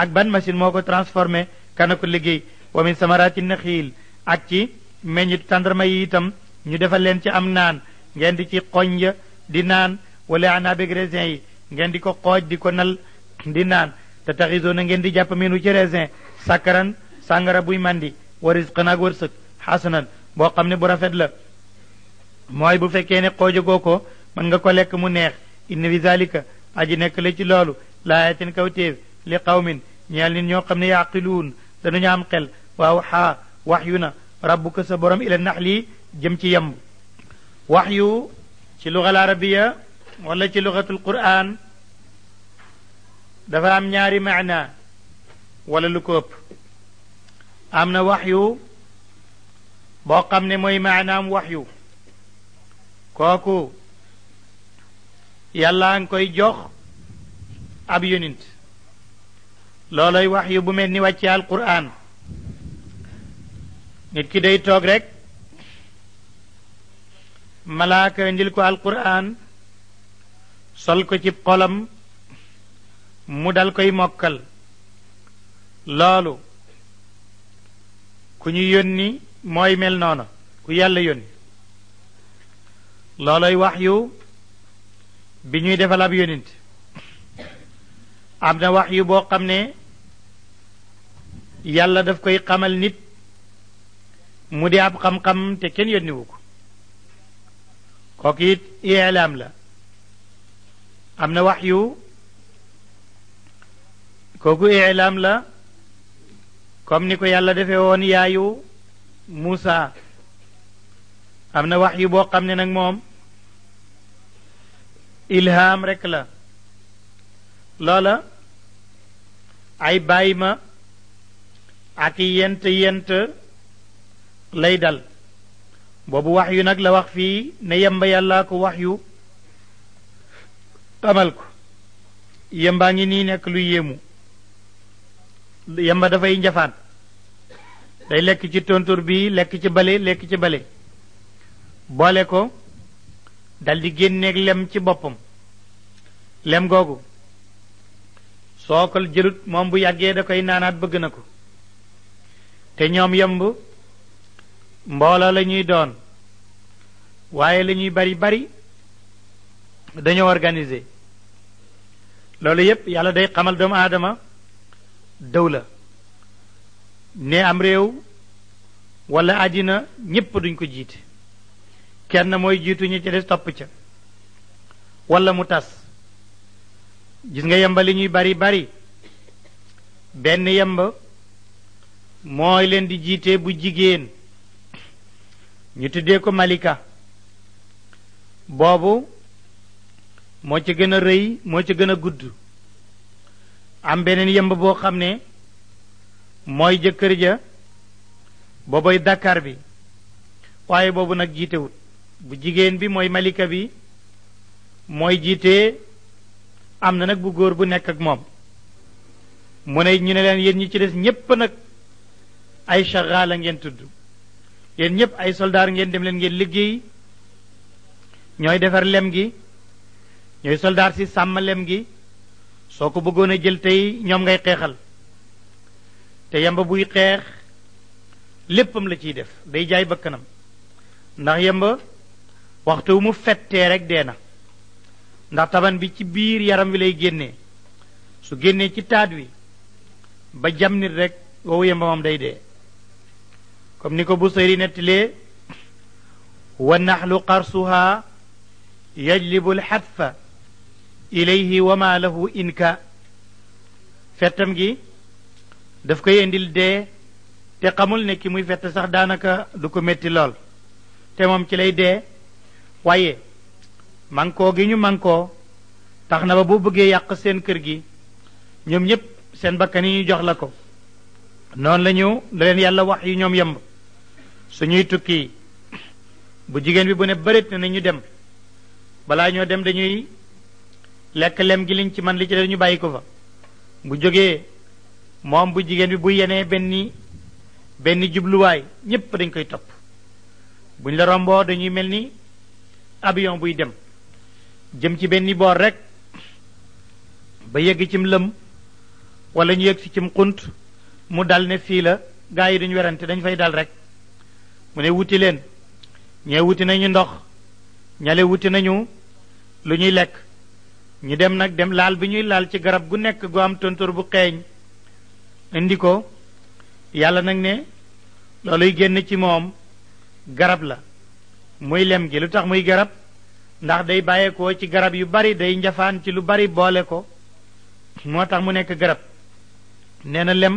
ak ban machine moo ko transformé kana ko liggéey wa min na naxiil ak ci meññit tàndarma yi itam ñu defal leen ci am naan ngeen di ci xoñj di naan wala anaabeg raisin yi ngeen di ko xooj di ko nal di naan te taxiso na ngeen di jàpp minu ci raisin sàkkaran sàngara buy mandi wa risqan ak wërsëg xasanan boo xam ne bu rafet la mooy bu fekkee ne xoojagoo ko mën nga ko lekk mu neex inna fi zalika aji nekk la ci loolu laayatin kawtéef li qawmin ñeel nit ñoo xam ne yaaqiluun danañu am xel waaw xaa wax na rabbuka sa borom ila naxli jëm ci yemb wax ci ci al arabiya wala ci lugatul quran dafa am ñaari maana wala lu ko ëpp am na wax boo xam ne mooy maanaam kooku yàllaa nga koy jox ab yonint looloy wax yu bu mel ni wàcce alquraan nit ki day toog rekk malaaka indil ko alquraan sol ko ci xolam mu dal koy mokkal loolu ku ñu yónni mooy mel noonu ku yàlla yónni looloy wax yu bi ñuy defal ab yonent am na wax yu boo xam ne yàlla def koy xamal nit mu di ab xam-xam te kenn yónniwu ko kooku it ilaam la am na wax yu kooku ilaam la comme ni ko yàlla defee woon yaayu Muusa am na wax yu boo xam ne nag moom ilham rekk la loola ay bàyyi ak yent yent lay dal boobu wax yu nag la wax fii ne yemba yàllaa ko wax yu amal ko yembaa ngi nii nekk lu yéemu yemba dafay njafaan day lekk ci tontur bi lekk ci bale lekk ci bale boole ko daldi génneeg lem ci boppam lem googu ko jëlut moom bu yàggee da koy naanaat bëgg na ko te ñoom yemb mbooloo la ñuy doon waaye la ñuy bari bari dañoo organiser loolu yépp yàlla day xamal doomu aadama dëw la ne am réew walla àddina ñépp duñ ko jiit kenn mooy jiitu ñi ci des topp ca walla mu tas gis nga yemba li ñuy bari bari benn yemba mooy leen di jiite bu jigéen ñu tuddee ko malika boobu moo ca gën a rëy moo ca gën a gudd am beneen yemb boo xam ne mooy jëkkër ja boobay Dakar bi waaye boobu nag jiitewut bu jigéen bi mooy malika bi mooy jiite am na nag bu góor bu nekk ak moom mu ne ñu ne leen yéen ñi ci des ñépp nag ay charaa ngeen tudd yéen ñëpp ay soldaar ngeen dem leen ngeen liggéey ñooy defar lem gi ñooy soldaar si sàmm lem gi soo ko bëggoon a jël tey ñoom ngay xeexal te yamba buy xeex léppam la ciy def day jaay ba kanam ndax yemba waxtu mu fettee rek dee na ndax taban bi ci biir yaram wi lay génne su génnee ci taat wi ba jam rekk rek woowu day dee comme ni ko Busayri nettalee wa naxlu qarsuha yajlibu lxatfa ilayhi wa ma lahu inka fettam gi daf koy indil dee te xamul ne ki muy fett sax daanaka du ko metti lool te moom ci lay dee waaye manko gi ñu mànkoo tax na ba bu bëggee yàq seen kër gi ñoom ñëpp seen bakkan yi ñu jox la ko noonu la ñu la leen yàlla wax yi ñoom yemb suñuy tukki bu jigéen bi bu ne bërit na ñu dem balaa ñoo dem dañuy lekk lem gi liñ ci man li ci dañu bàyyi ko fa bu jógee moom bu jigéen bi bu yenee benn benn jubluwaay ñépp dañ koy topp buñ la romboo dañuy mel ni avion buy dem jëm ci benn boor rek ba yëg cim lëm walla ñu yegg cim xunt mu dal ne fii la gaa yi duñ werante dañ fay dal rek mu ne wuti leen ñee wuti nañu ndox ñale wuti nañu lu ñuy lekk ñu dem nag dem laal bi ñuy laal ci garab gu nekk gu am tontor bu xeeñ indi ko yàlla nag ne looluy génn ci moom garab la muy lem gi lu tax muy garab ndax day bàyyeekoo ci garab yu bari day njafaan ci lu bari boole ko moo tax mu nekk garab nee na lem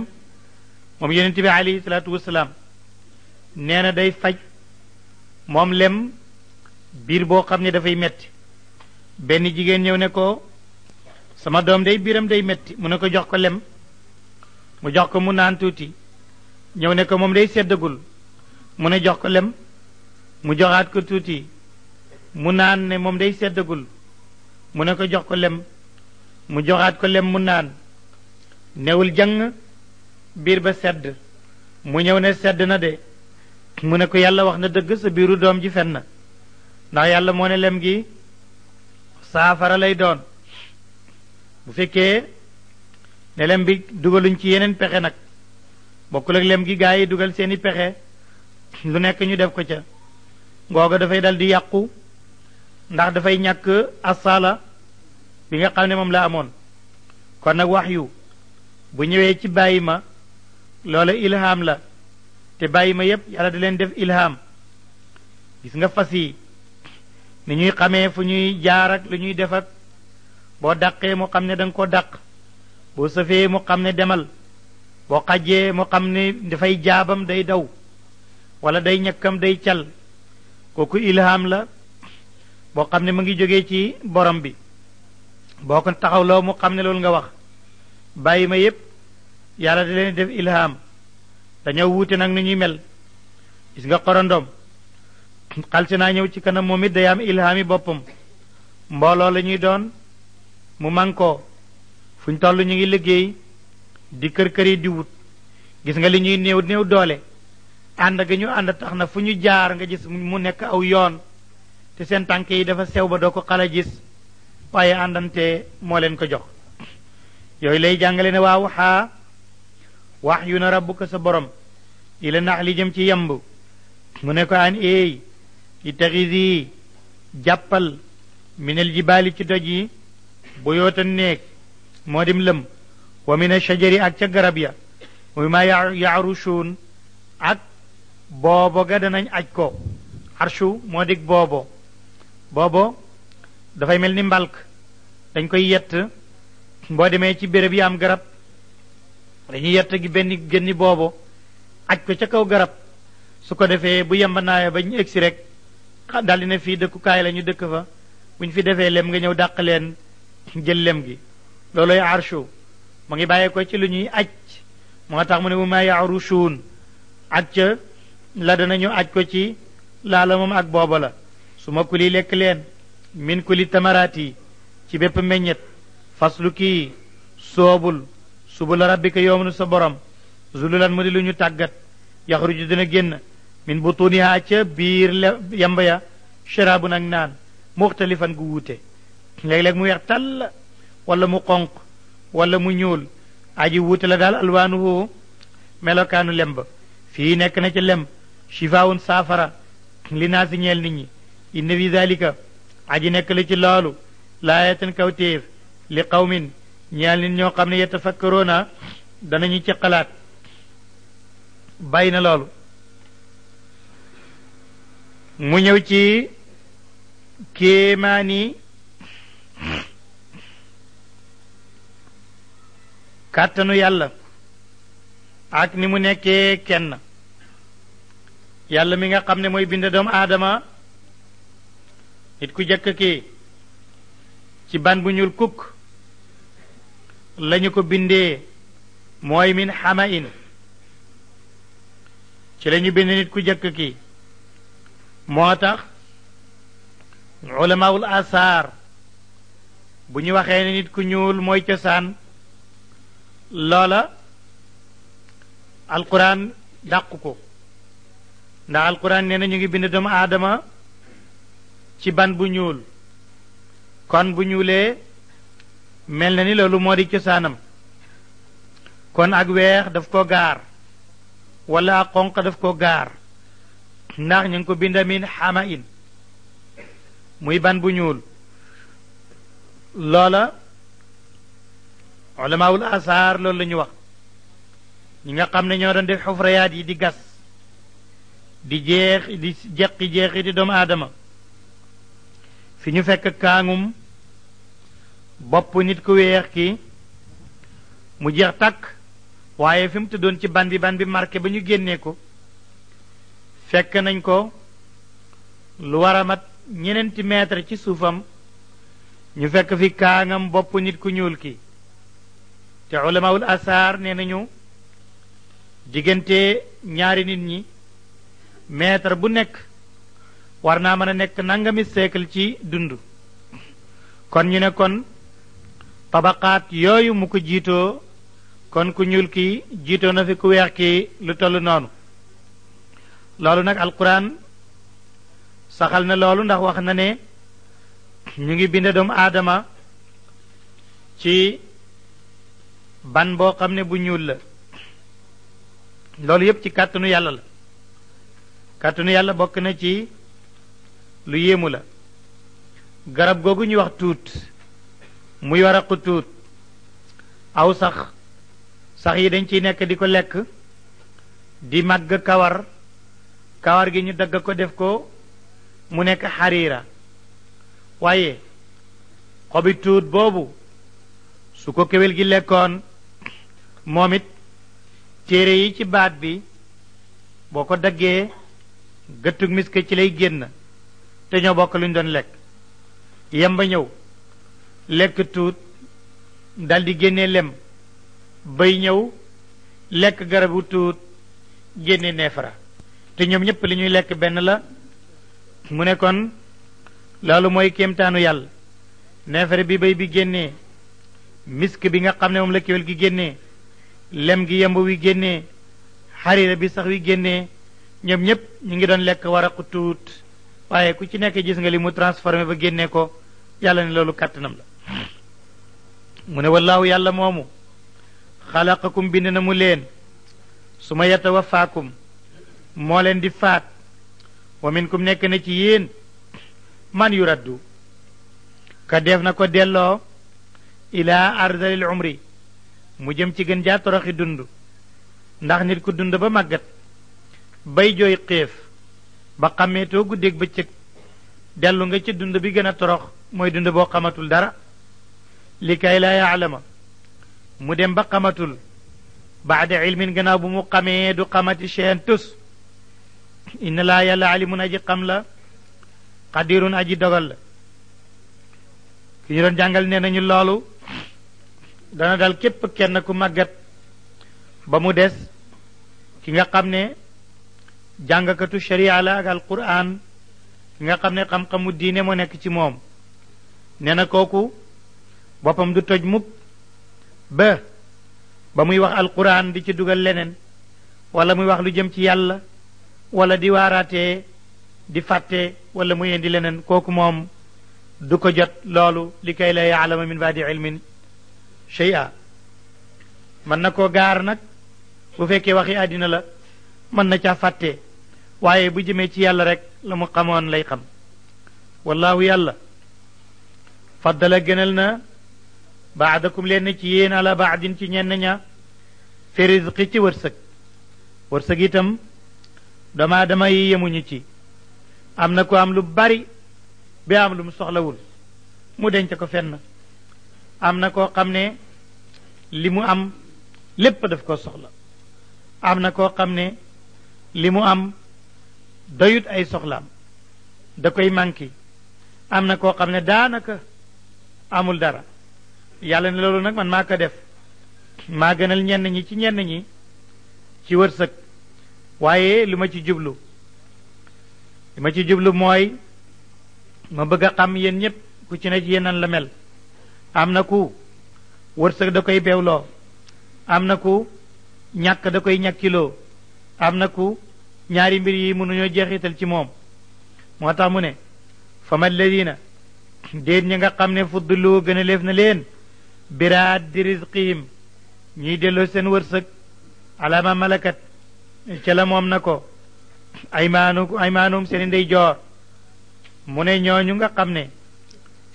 moom yonent bi alayhi salaatu wasalaam nee na day faj moom lem biir boo xam ne dafay metti benn jigéen ñëw ne ko sama doom day biram day metti mu ne ko jox ko lem mu jox ko mu naan tuuti ñëw ne ko moom day seddagul mu ne jox ko lem mu joxaat ko tuuti mu naan ne moom day seddagul mu ne ko jox ko lem mu joxaat ko lem mu naan newul jàng biir ba sedd mu ñëw ne sedd na de mu ne ko yàlla wax na dëgg sa biiru doom ji fen na ndax yàlla moo ne lem gi saafara lay doon bu fekkee ne lem bi dugaluñ ci yeneen pexe nag bokkul ak lem gi gaa yi dugal seeni pexe lu nekk ñu def ko ca googa dafay dal di yàqu ndax dafay ñàkk asaala bi nga xam ne moom la amoon kon nag wax yu bu ñëwee ci bàyyi ma loola ilhaam la te bàyyi ma yépp yàlla di leen def ilhaam gis nga fas yi ni ñuy xamee fu ñuy jaar ak lu ñuy def boo dàqee mu xam ne danga ko dàq boo sëfee mu xam ne demal boo xajjee mu xam ne dafay jaabam day daw wala day ñàkkam day cal koku ilham la bo xamne ne mu ngi joge ci borom bi boko taxaw lo mu xamne lol nga wax bayima yeb yalla da leen def ilham dañu wuute nak ni ñuy mel gis nga xorondoom xalsi na ñew ci kanam momit it day am ilhaami boppam mbooloo la ñuy doon mu manko fuñ tollu ñi ngi liggéey di kër kër di wut gis nga li ñuy neew neew doole ànd ga ñu ànd tax na fu ñu jaar nga gis mu nekk aw yoon te seen tànk yi dafa sew ba doo ko xala gis waaye àndante moo leen ko jox yooyu lay jàngale na waaw waxaa wax yu na rabbuka sa borom ila nax li jëm ci yamb mu ne ko an eey ittaxidi jàppal minal jibaali ci doj yi bu yoota néeg moo dim lëm wa min ashajari ak ca garab ya muy ma yaarushuun ak booboo ga danañ aj ko arshu moo dig booboo boobo dafay mel ni mbalk dañ koy yett boo demee ci béréb yi am garab dañuy yett gi benn génni boobo aj ko ca kaw garab su ko defee bu yembanaayo ba ñu egsi rek daldi na fii dëkkukaay la dëkk fa bu fi defee lem nga ñëw dàq leen jël lem gi looloy arshu mu ngi bàyyee ko ci lu ñuy aj moo tax mu ne bu ma yaarushuun aj ca la danañu aj ko ci laala moom ak booba la su ma kuli lekk leen min kuli tamaraat yi ci bépp meññet faslu kii soobul subu la rabbika yoomunu sa borom zululan mu di lu ñu tàggat yaxruju dina génn min butuniha ca biir yamba ya sharaabun ak naan muxtalifan gu wuute léeg-léeg mu weex tàll wala mu xonq wala mu ñuul aji wuute la daal alwaanuhu melokaanu lemb fii nekk na ca lemb ci shifaawun saafara li naa si ñeel nit ñi inna fi dalika aji nekk la ci loolu laayatan kawtéef li qawmin ñeel nit ñoo xam ne yatafakkaroona danañu ci xalaat bay na loolu mu ñëw ci kéemaani kàttanu yàlla ak ni mu nekkee kenn yàlla mi nga xam ne mooy bind doomu aadama nit ku jëkk ki ci ban bu ñuul kukk lañu ko bindee mooy min xama ci lañu bind nit ku jëkk ki moo tax ulamaawul asaar bu ñu waxee ne nit ku ñuul mooy cosaan loola alquran dàq ko ndax alquran nee na ñu ngi bind doomu aadama ci ban bu ñuul kon bu ñuulee mel na ni loolu moo di cosaanam kon ak weex daf ko gaar wala ak xonq daf ko gaar ndax ñu ngi ko bind min xama in muy ban bu ñuul loola ulamaawul asaar loolu la ñu wax ñi nga xam ne ñoo doon def xufrayaat yi di gas di jeex di jeqi jeexi di doomu aadama fi ñu fekk kaangum bopp nit ku weex ki mu jeex tàkk waaye fi mu tëddoon ci ban bi ban bi marqué ba ñu génnee ko fekk nañ ko lu war a mat ñeneenti mètre ci suufam ñu fekk fi kaangam bopp nit ku ñuul ki te ulamawul asaar nee nañu diggante ñaari nit ñi mètre bu nekk war naa mën a nekk nanga mi siècle ci dund kon ñu ne kon tabaqaat yooyu mu ko jiitoo kon ku ñuul ki jiitoo na fi ku weex ki lu toll noonu loolu nag alquran saxal na loolu ndax wax na ne ñu ngi bind doomu aadama ci ban boo xam ne bu ñuul la loolu yépp ci kàttanu yàlla la kàttanu yàlla bokk na ci lu yéemu la garab googu ñu wax tuut muy waraqu tuut aw sax sax yi dañ ciy nekk di ko lekk di màgg kawar kawar gi ñu dagg ko def ko mu nekk xariira waaye xobi tuut boobu su ko kéwél gi lekkoon moom it téere yi ci baat bi boo ko daggee gëttug miske ci lay génn te ñoo bokk lu ñu doon lekk yamba ñëw lekk tuut daldi génne lem bay ñëw lekk garabu tuut génne neefara te ñoom ñëpp li ñuy lekk benn la mu ne kon loolu mooy kéemtaanu yàlla neefere bi bay bi génnee misk bi nga xam ne moom la kéwél gi génnee lem gi yemb wi génnee xarira bi sax wi génnee ñoom ñëpp ñu ngi doon lekk waraqu tuut waaye ku ci nekk gis nga li mu transformé ba génnee ko yàlla ne loolu kàttanam la mu ne wallaahu yàlla moomu xalaqakum bind na mu leen su ma faakum moo leen di faat wa minkum nekk na ci yéen man yu raddu ka def na ko delloo ilaa ardalil umri mu jëm ci gën jaa toroxi dund ndax nit ku dund ba màggat bay jooy xiif ba xàmmeetoo guddeeg bëccëg dellu nga ci dund bi gën a torox mooy dund boo xamatul dara li kay laa yaalama mu dem ba xamatul baada ilmin bu mu xamee du xamati cheen tus inna laa yàlla alimun aji xam la dogal la ki ñu doon jàngal nee nañu loolu dana dal képp kenn ku màggat ba mu des ki nga xam ne jàngakatu sharia la ak alquran ki nga xam ne xam-xamu diine moo nekk ci moom nee na kooku boppam du toj mukk ba ba muy wax alquran di ci dugal leneen wala muy wax lu jëm ci yàlla wala di waaraatee di fàtte wala muy indi leneen kooku moom du ko jot loolu li kay la yaalama min baadi ilmin shay'a mën na koo gaar nag bu fekkee waxi àddina la mën na caa fàtte waaye bu jëmee ci yàlla rek la mu xamoon lay xam wallaahu yàlla faddala gënal na baadakum leen ci yéen ala baadin ci ñenn ña fi risqi ci wërsëg wërsëg itam dama dama yi yemuñu ci am na ko am lu bari bi am lu mu soxlawul mu denc ko fenn am na koo xam ne li mu am lépp def koo soxla am na koo xam ne li mu am doyut ay soxlaam da koy manqué am na koo xam ne daanaka amul dara yàlla ne loolu nag man maa ko def maa gënal ñenn ñi ci ñenn ñi ci wërsëg waaye li ma ci jublu li ma ci jublu mooy ma bëgg a xam yenn ñëpp ku ci ne ci yéen la mel am na ku wërsëg da koy beewloo am na ku ñàkk da koy ñàkkiloo am na ku ñaari mbir yi ñoo jeexital ci moom moo tax mu ne fama alladina déet ñi nga xam ne fuddulu gën a leef na leen biraat di risqihim ñuy delloo seen wërsëg alama malakat ca la moom na ko aymanu aymanum seen ndey joor mu ne ñooñu nga xam ne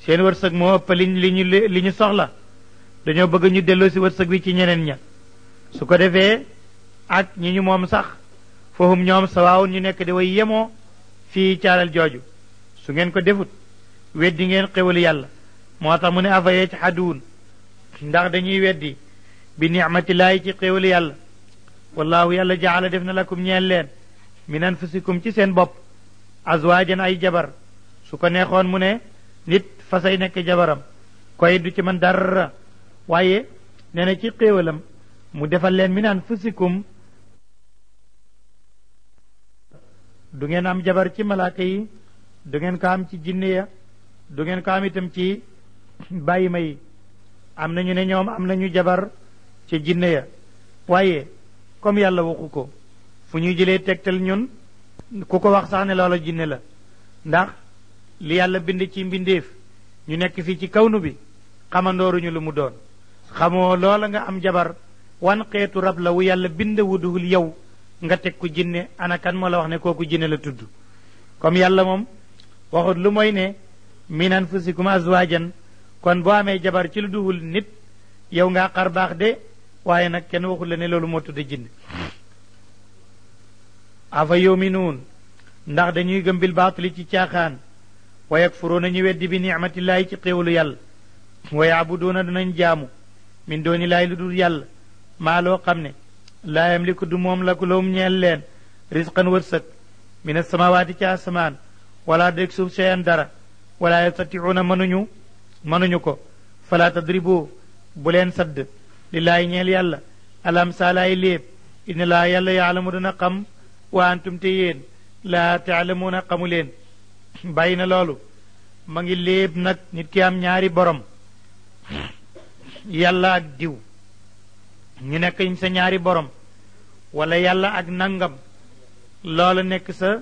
seen wërsëg moo ëpp li ñu li ñu soxla dañoo bëgg ñu delloo si wërsëg bi ci ñeneen ña su ko defee ak ñi ñu moom sax fahum ñoom sawaawun ñu nekk di way yemoo fii caalal jooju su ngeen ko defut weddi ngeen xéwalu yàlla moo tax mu ne afa yajhaduun ndax dañuy weddi bi nicmatillaahi ci xéwalu yàlla wallaahu yàlla jaala def na lakum ñeen leen min anfusikum ci seen bopp azwaajan ay jabar su ko neexoon mu ne nit fasay nekk jabaram koy du ci man dara waaye nee na ci xéewalam mu defal leen min anfusikum du ngeen am jabar ci malaaka yi du ngeen ko am ci jinne ya du ngeen ko am itam ci <coughs> bàyyi ma yi am nañu ne ñoom am nañu jabar ci jinne ya waaye comme yàlla waxu ko fu ñuy jëlee tegtal ñun ku ko wax sax ne loola jinne la ndax li yàlla bind ci mbindeef ñu nekk fii ci kawnu bi xamandooruñu lu mu doon xamoo loola nga am jabar wan xeetu rab la wu yàlla bind wu duhul yow nga teg ko jinne ana kan moo la wax ne kooku jinne la tudd comme yàlla moom waxut lu mooy ne min anfusikum azwaajan kon boo amee jabar ci lu duhul nit yow nga xar baax de waaye nag kenn waxul la ne loolu moo tudd jinne afa yuminuun ndax dañuy gëm bil li ci caaxaan wa yakfuruuna ñu weddi bi nicmatillaahi ci xéewalu yàlla wa yaabuduuna danañ jaamu min dooni laay lu dul yàlla maa loo xam ne laa yamliku du moom la ko lawum ñeel leen risqan wërsëg mina samawaati ci asamaan wala dég suuf seyan dara wala yastatiuuna mënuñu mënuñu ko fala tadribu bu leen sadd lillaahi ñeel yàlla alam saalaay léeb inna laa yàlla yaalamu dana xam wa antum te yéen laa taalamuuna xamu leen <coughs> bàyyi na loolu ma ngi léeb nag nit ki am ñaari boroom <coughs> yàlla ak diw ñu nekk sa ñaari borom walla yàlla ak nangam loola nekk sa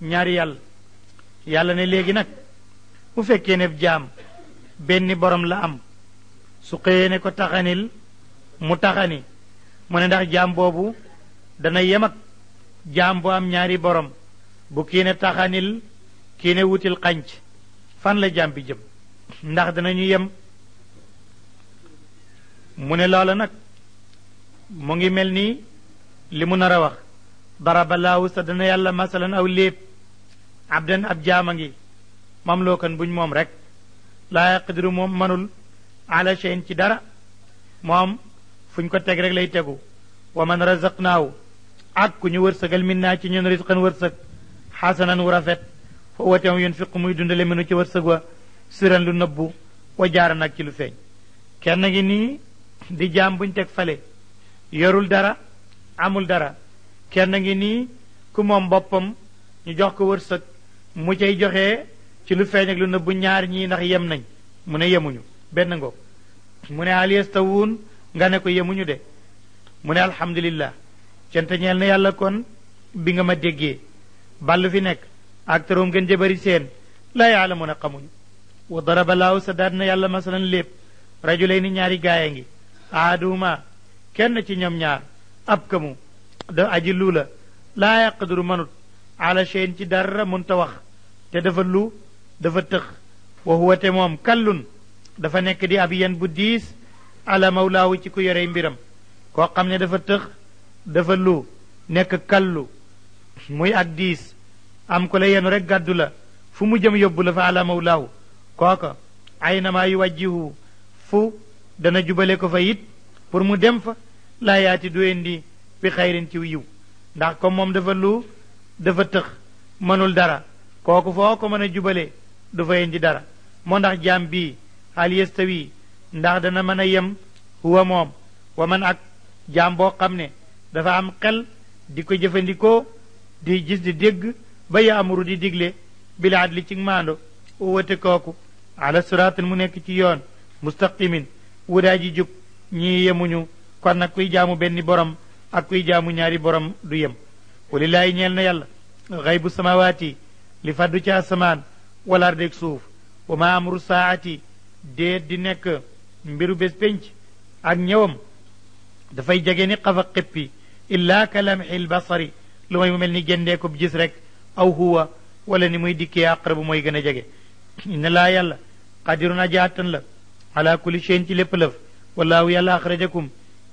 ñaari yàlla yàlla ne léegi nag bu fekkee ne jaam benn borom la am su xëyee ne ko taxanil mu taxani mu ne ndax jaam boobu dana yem ak jaam bu am ñaari borom bu kii ne taxanil kii ne wutil xànc fan la jaam bi jëm ndax danañu yem mu ne loola nag mu ngi mel nii li mu nar a wax daraba laahu sa dana yàlla masalan aw léeb abdan ab jaam a ngi mamlookan buñ moom rek laa yaqdiru moom manul ala cheyin ci dara moom fuñ ko teg rek lay tegu wa man naaw ak ku ñu wërsëgal min naa ci ñun risqan wërsëg xasanan wu rafet fo wateem yunfiqu muy dundale minu ci wërsëg wa siran lu nëbbu wa jaaran nag ci lu feeñ kenn ngi nii di jaam buñ teg fale yorul dara amul dara kenn ngi ni ku mom bopam ñu jox ko wërseuk mu cey joxe ci lu feñ ak lu neub ñaar ñi ndax yem nañ mu ne yemuñu ben ngo mu ne nga ne ko yemuñu de mu ne alhamdulillah cent ñel na yalla kon bi nga ma déggé ballu fi nek ak torom gën jëbari seen la yaalamuna xamuñu wa daraba lahu yalla masalan lepp rajulayni ñaari gaayangi kenn ci ñoom ñaar ab kamu da aji lu la laa yaqdiru manut ala cheyin ci dara munta wax te dafa lu dafa tëx wa huwa moom kallun dafa nekk di ab yenn bu diis ala mawlaawu ci ku yorey mbiram koo xam ne dafa tëx dafa lu nekk kallu muy ak diis am ko la yenu rek gàddu la fu mu jëm yóbbu la fa ala mawlaawu kooka ay namaa yu wàjjihu fu dana jubale ko fa it pour mu dem fa laa yaati du indi bi xayrin ci yiw ndax comme moom dafa lu dafa tëx mënul dara kooku foo ko mën a jubale du fa indi dara moo ndax jaam bii hal yastawi ndax dana mën a yem huwa moom wa man ak jaam boo xam ne dafa am xel di ko jëfandikoo di gis di dégg ba yaamuru di digle bilaat li ci maando kooku ala siraatin mu nekk ci yoon mustaqimin wudaa ji jub ñii yemuñu kon nag kuy jaamu benn borom ak kuy jaamu ñaari borom du yem walilaayi ñeel na yàlla xaybu samawaati li faddu ci asamaan wala ardeg suuf wa ma amru saati déet nekk mbiru bés ak ñëwam dafay jege ni xafa xéppi illaa ka lamxil basari lu may mu mel ni géndee ko gis rek aw huwa wala ni muy dikkee àqrabu moy gën a jege inna laa yàlla qadirun aji àttan la ala kulli cheyin ci lépp lëf wallaahu yàlla axrajakum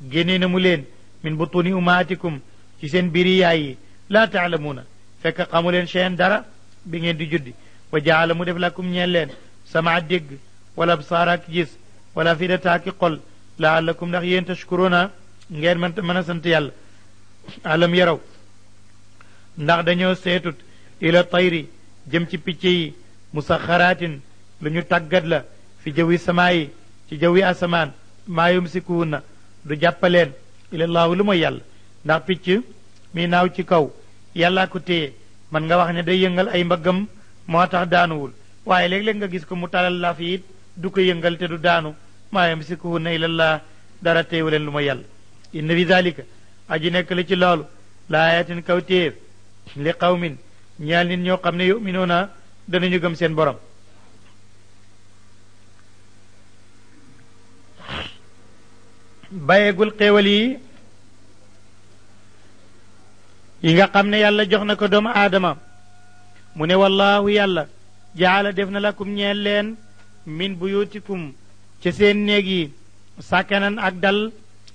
génne na mu leen min butuni umaatikum ci seen biri yaay yi laa taalamuuna fekk xamu leen cheen dara bi ngeen di juddi wa jaala mu def lakum ñeel leen sama dégg wala absaara ak gis wala afidata ak xol laalakum ndax yéen tashkuruna ngeen mën mën a sant yàlla alam yaraw ndax dañoo seetut ila tayri jëm ci picc yi musaxaraatin lu ñu tàggat la fi jawi samaa yi ci jawi asamaan maa yumsikuhunna du jàppaleen ilallaahu lu ma yàlla ndax picc mi naaw ci kaw yàllaa ko téye man nga wax ne day yëngal ay mbaggam moo tax daanuwul waaye léeg-léeg nga gis ko mu talal laf it du ko yëngal te du daanu na yamsikuhunna laa dara téewu leen lu ma yàlla inna fi zalika aji nekk la ci loolu la ayatin kaw téef li qawmin ñaal nit ñoo xam ne yuminuuna danañu gëm seen borom bayeegul xéewal yi yi nga xam ne yàlla jox na ko doomu aadama mu ne wallaahu yàlla jaala def na lakum ñeel leen min buyutikum ci seen néeg yi sàkkanan ak dal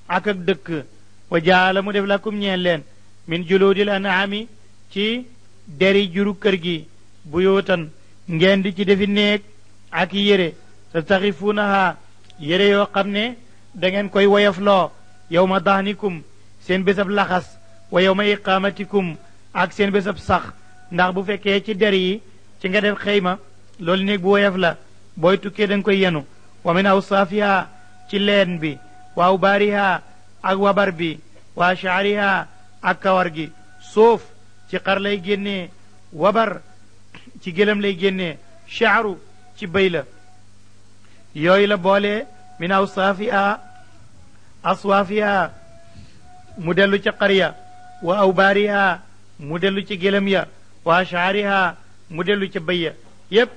ak ak dëkk wa jaala mu def lakum ñeel leen min juluudil anaami ci deri juru kër gi buyootan ngeen di ci defi néeg ak yére tastaxifuunaha yére yoo xam ne da ngeen koy woyofloo yow ma daanikum seen bésab laxas wa yow ma iqaamatikum ak seen bésab sax ndax bu fekkee ci der yi ci nga def xëyma loolu néeg bu woyof la booy tukkee da koy yenu wa min awsaafiha ci leen bi wa awbaariha ak wabar bi wa ashaariha ak kawar gi soof ci xar lay génne wabar ci gëlëm lay génnee shaaru ci bëy la yooyu la boole min awsaafiha aswaafiha mu dellu ci xar ya wa awbaariha mu dellu ci gélém ya wa ashaariha mu dellu ca bay ya yépp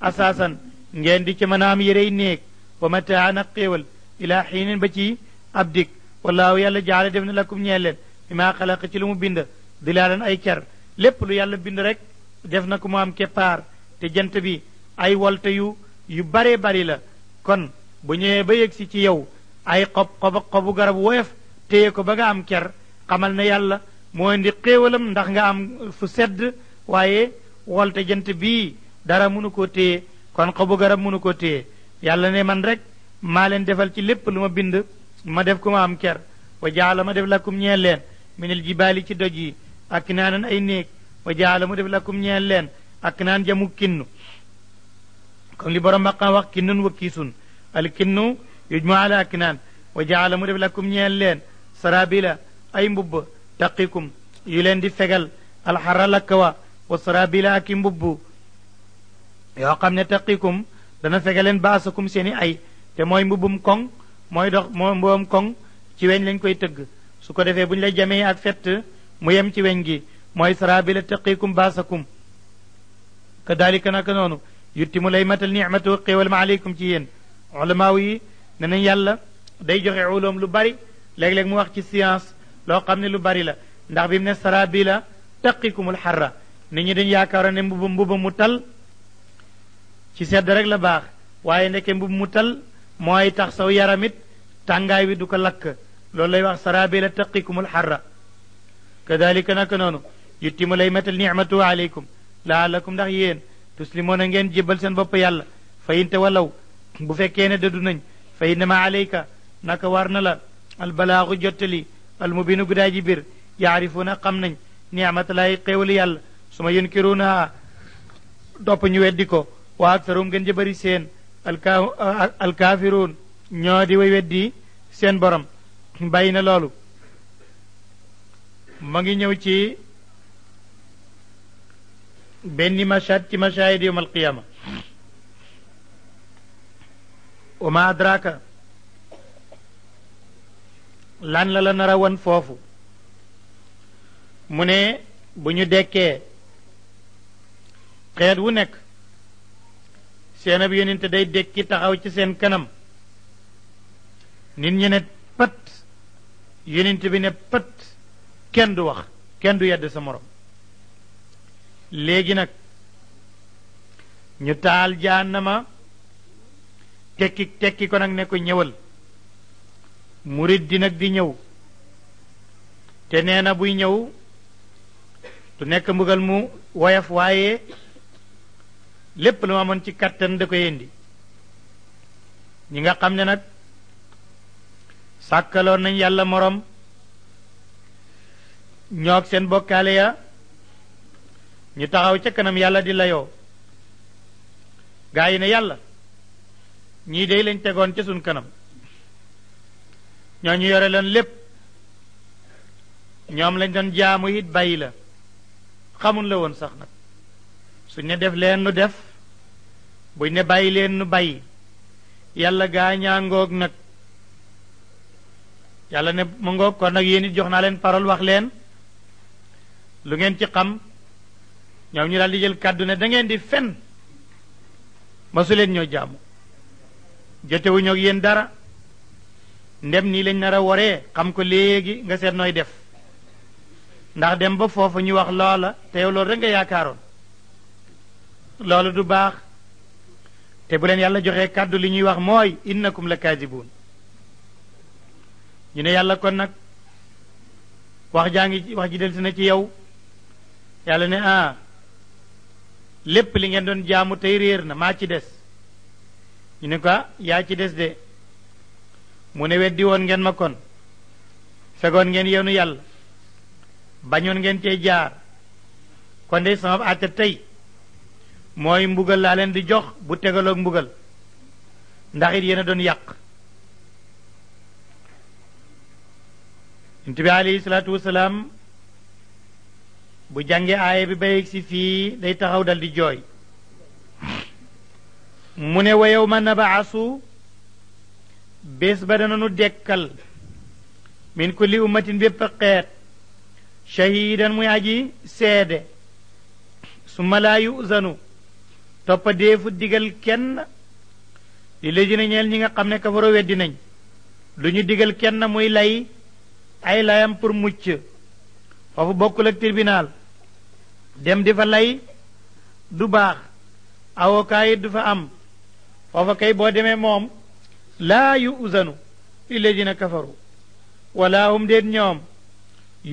asaasan ngeen di ci mën a am yérey néeg wa mataan ak xéewal ilaa xiinin ba ci ab dig wallaahu yàlla jaale def na lakum ñeel mi maa xalaqa ci lu mu bind dilaalan ay ker lépp lu yàlla bind rek def na ko mu am keppaar te jant bi ay wolte yu yu bare bari la kon bu ñëwee ba yegg si ci yow ay xob xob xobu garab woyof téye ko ba nga am ker xamal na yàlla moo indi xéewalam ndax nga am fu sedd waaye wolte jant bii dara mënu koo téye kon xobu garab mënu koo téye yàlla ne man rek maa leen defal ci lépp lu ma bind ma def ku ma am ker wa jaala ma def lakum ñeel leen minil jibaali ci doj yi ak naanan ay néeg wa jaala ma def lakum ñeel leen ak naan jamu kinnu comme li borom baqan wax kinnun wa അൽക്കിന്നു യുജ്മാലാക്കിനാൻ വജാലമുരവിലക്കും ഞേല്ലേൻ സറാബില ഐംബുബ് ടക്കിക്കും യുലേൻഡി സെകൽ അൽ ഹറലക്കവ വസറാബില അക്കിംബുബു yoxam ne taqikum dana fege leen baasakum seeni ay te mooy mbubbum koŋ mooy dox mooy mbubum koŋ ci weñ lañ koy tëgg su ko defee bu ñu lay jamee ak fett mu yem ci weñ gi mooy sarabila taqikum baasakum kadalika naka noonu yutti mu lay matal nicmatu xiwal ma aleykum ci yéen ulamaaw yi ne nañ yàlla day joxe ulum lu bari léeg-léeg mu wax ci science loo xam ne lu bari la ndax bi mu ne sarabila taqikumul xarra nit ñi dañ yaakaar ne mbuba mbuba mu tal ci sedd rek la baax waaye ndeke mbuba mu tal mooy tax saw yaramit tàngaay wi du ko lakk loolu lay wax sarabila taqikumul xarra kadalika naka noonu yuttimu lay metal nicmatu aleykum laalakum ndax yéen tuslimoon a ngeen jébal seen bopp yàlla fayinte walaw bu fekkee ne dëddu nañ fa innama alayka naka war na la albalaaxu jottali almubinu gudaa ji bir yaarifuuna xam nañ niamatalaay xéewali yàlla suma yunkiruunaha dopp ñu weddi ko wa aktarum gën jëbëri seen alkaafiruun ñoo di way weddi seen borom bàyyi na loolu ma ngi ñëw ci benn mashad ci mashaahid yowm alqiyama wa ma adraka lan la la nar wan foofu mu ne bu ñu dekkee xeet wu nekk seen ab day dekki taxaw ci seen kanam nit ñi ne pat yonente bi ne pat kenn du wax kenn du yedd sa morom léegi nag ñu taal jahannama tekki tekki ko nak ne ko dinak di nak di ñew te neena buy ñëw du mbugal mu woyof waye lepp lu ma amoon ci kattan da ko yëndi ñi nga xamne nak nag nañ morom ñok seen bokale ya ñu taxaw ci kanam yalla di layo, gaay na ne yàlla ñii dey lañ tegoon ca suñ kanam ñoo ñu yore leen lépp ñoom lañ doon jaamu it bàyyi la xamul la woon sax nag suñ ne def leen nu def buñ ne bàyyi leen nu bàyyi yàlla gaa ñaangoog nag yàlla ne mu ngoog kon nag yéen it jox naa leen parole wax leen lu ngeen ci xam ñoom ñu daal di jël kàddu ne da ngeen di fen masu leen ñoo jaamu jotewuñu ak yéen dara ndem nii lañ nar a waree xam ko léegi nga seet nooy def ndax dem ba foofa ñu wax loola te yow loolu rek nga yaakaaroon loolu du baax te bu leen yàlla joxe kàddu li ñuy wax mooy innakum la kaasibuun ñu ne yàlla kon nag wax jaa ngi wax ji delsi na ci yow yàlla ne ah lépp li ngeen doon jaamu tey réer na maa ci des ñu ne ko ah, yaa ci des de mu ne weddi woon ngeen ma kon fegoon ngeen yoonu yàlla bañoon ngeen cee jaar kon de sama àtte tey mooy mbugal laa leen di jox bu tegaloog mbugal ndaxit it doon yàq yonent bi alayhi salaatu bu jànge aaya bi bayeg si fii lay taxaw dal di jooy mu ne wa yow ma nabaasu bés ba dananu dekkal min kulli ummatin bépp xeet shahidan muy aji seede summa laa yuzanu toppa digal kenn li léegi na ñeel ñi nga xam ne kafaro weddi nañ ñu digal kenn muy lay ay layam pour mucc foofu bokkul ak tribunal dem di fa lay du baax avocat yi du fa am foofa kay boo demee moom laa yu uzanu lilladina kafaru wala hum déet ñoom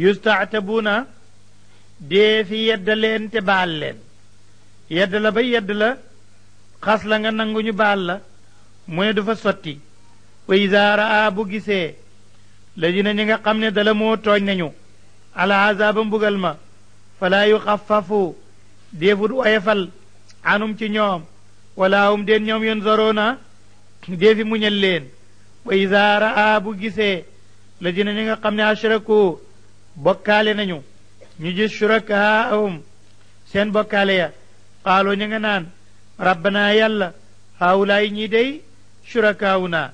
yustaatabuuna dee fi yedd leen baal leen yedd la ba yedd la xas nga nanguñu baal la mu ne dafa sotti wa izaa raa bu gisee ladina ñi nga xam ne dala moo tooñ nañu ala azaaba mbugal ma falaa yu xafafu déefut oyefal anum ci ñoom walaahum den ñoom yon zaroona deefi mu leen wa izaa raa bu gisee la dina ñi nga xam ne ashraku bokkaale nañu ñu gis shurakaahum seen bokkaale ya xaaloo ña nga naan rabbana yàlla haawulaay ñii dey shurakaawu naa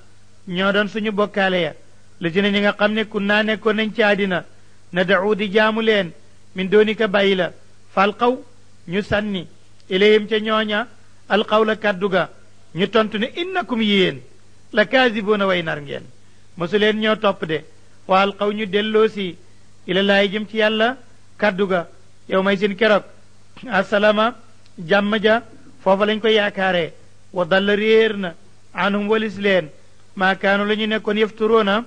ñoo doon suñu bokkaale ya la dina ñi nga xam ne kun naa nekkoon nañ ci àddina na da'u di jaamu leen min doonika bàyyi la falqaw ñu sànni ilayhim ca ñooña alqawla kàddu ga ñu tontu ne innakum yéen la kaasiboona way nar ngeen mosu leen ñoo topp de wa alqaw ñu delloosi ila laay jëm ci yàlla kàddu ga yow may seen keroog asalaama jàmm ja foofa lañ ko yaakaaree wa dalla réer na anhum walis leen maakaanu la ñu nekkoon yefturoona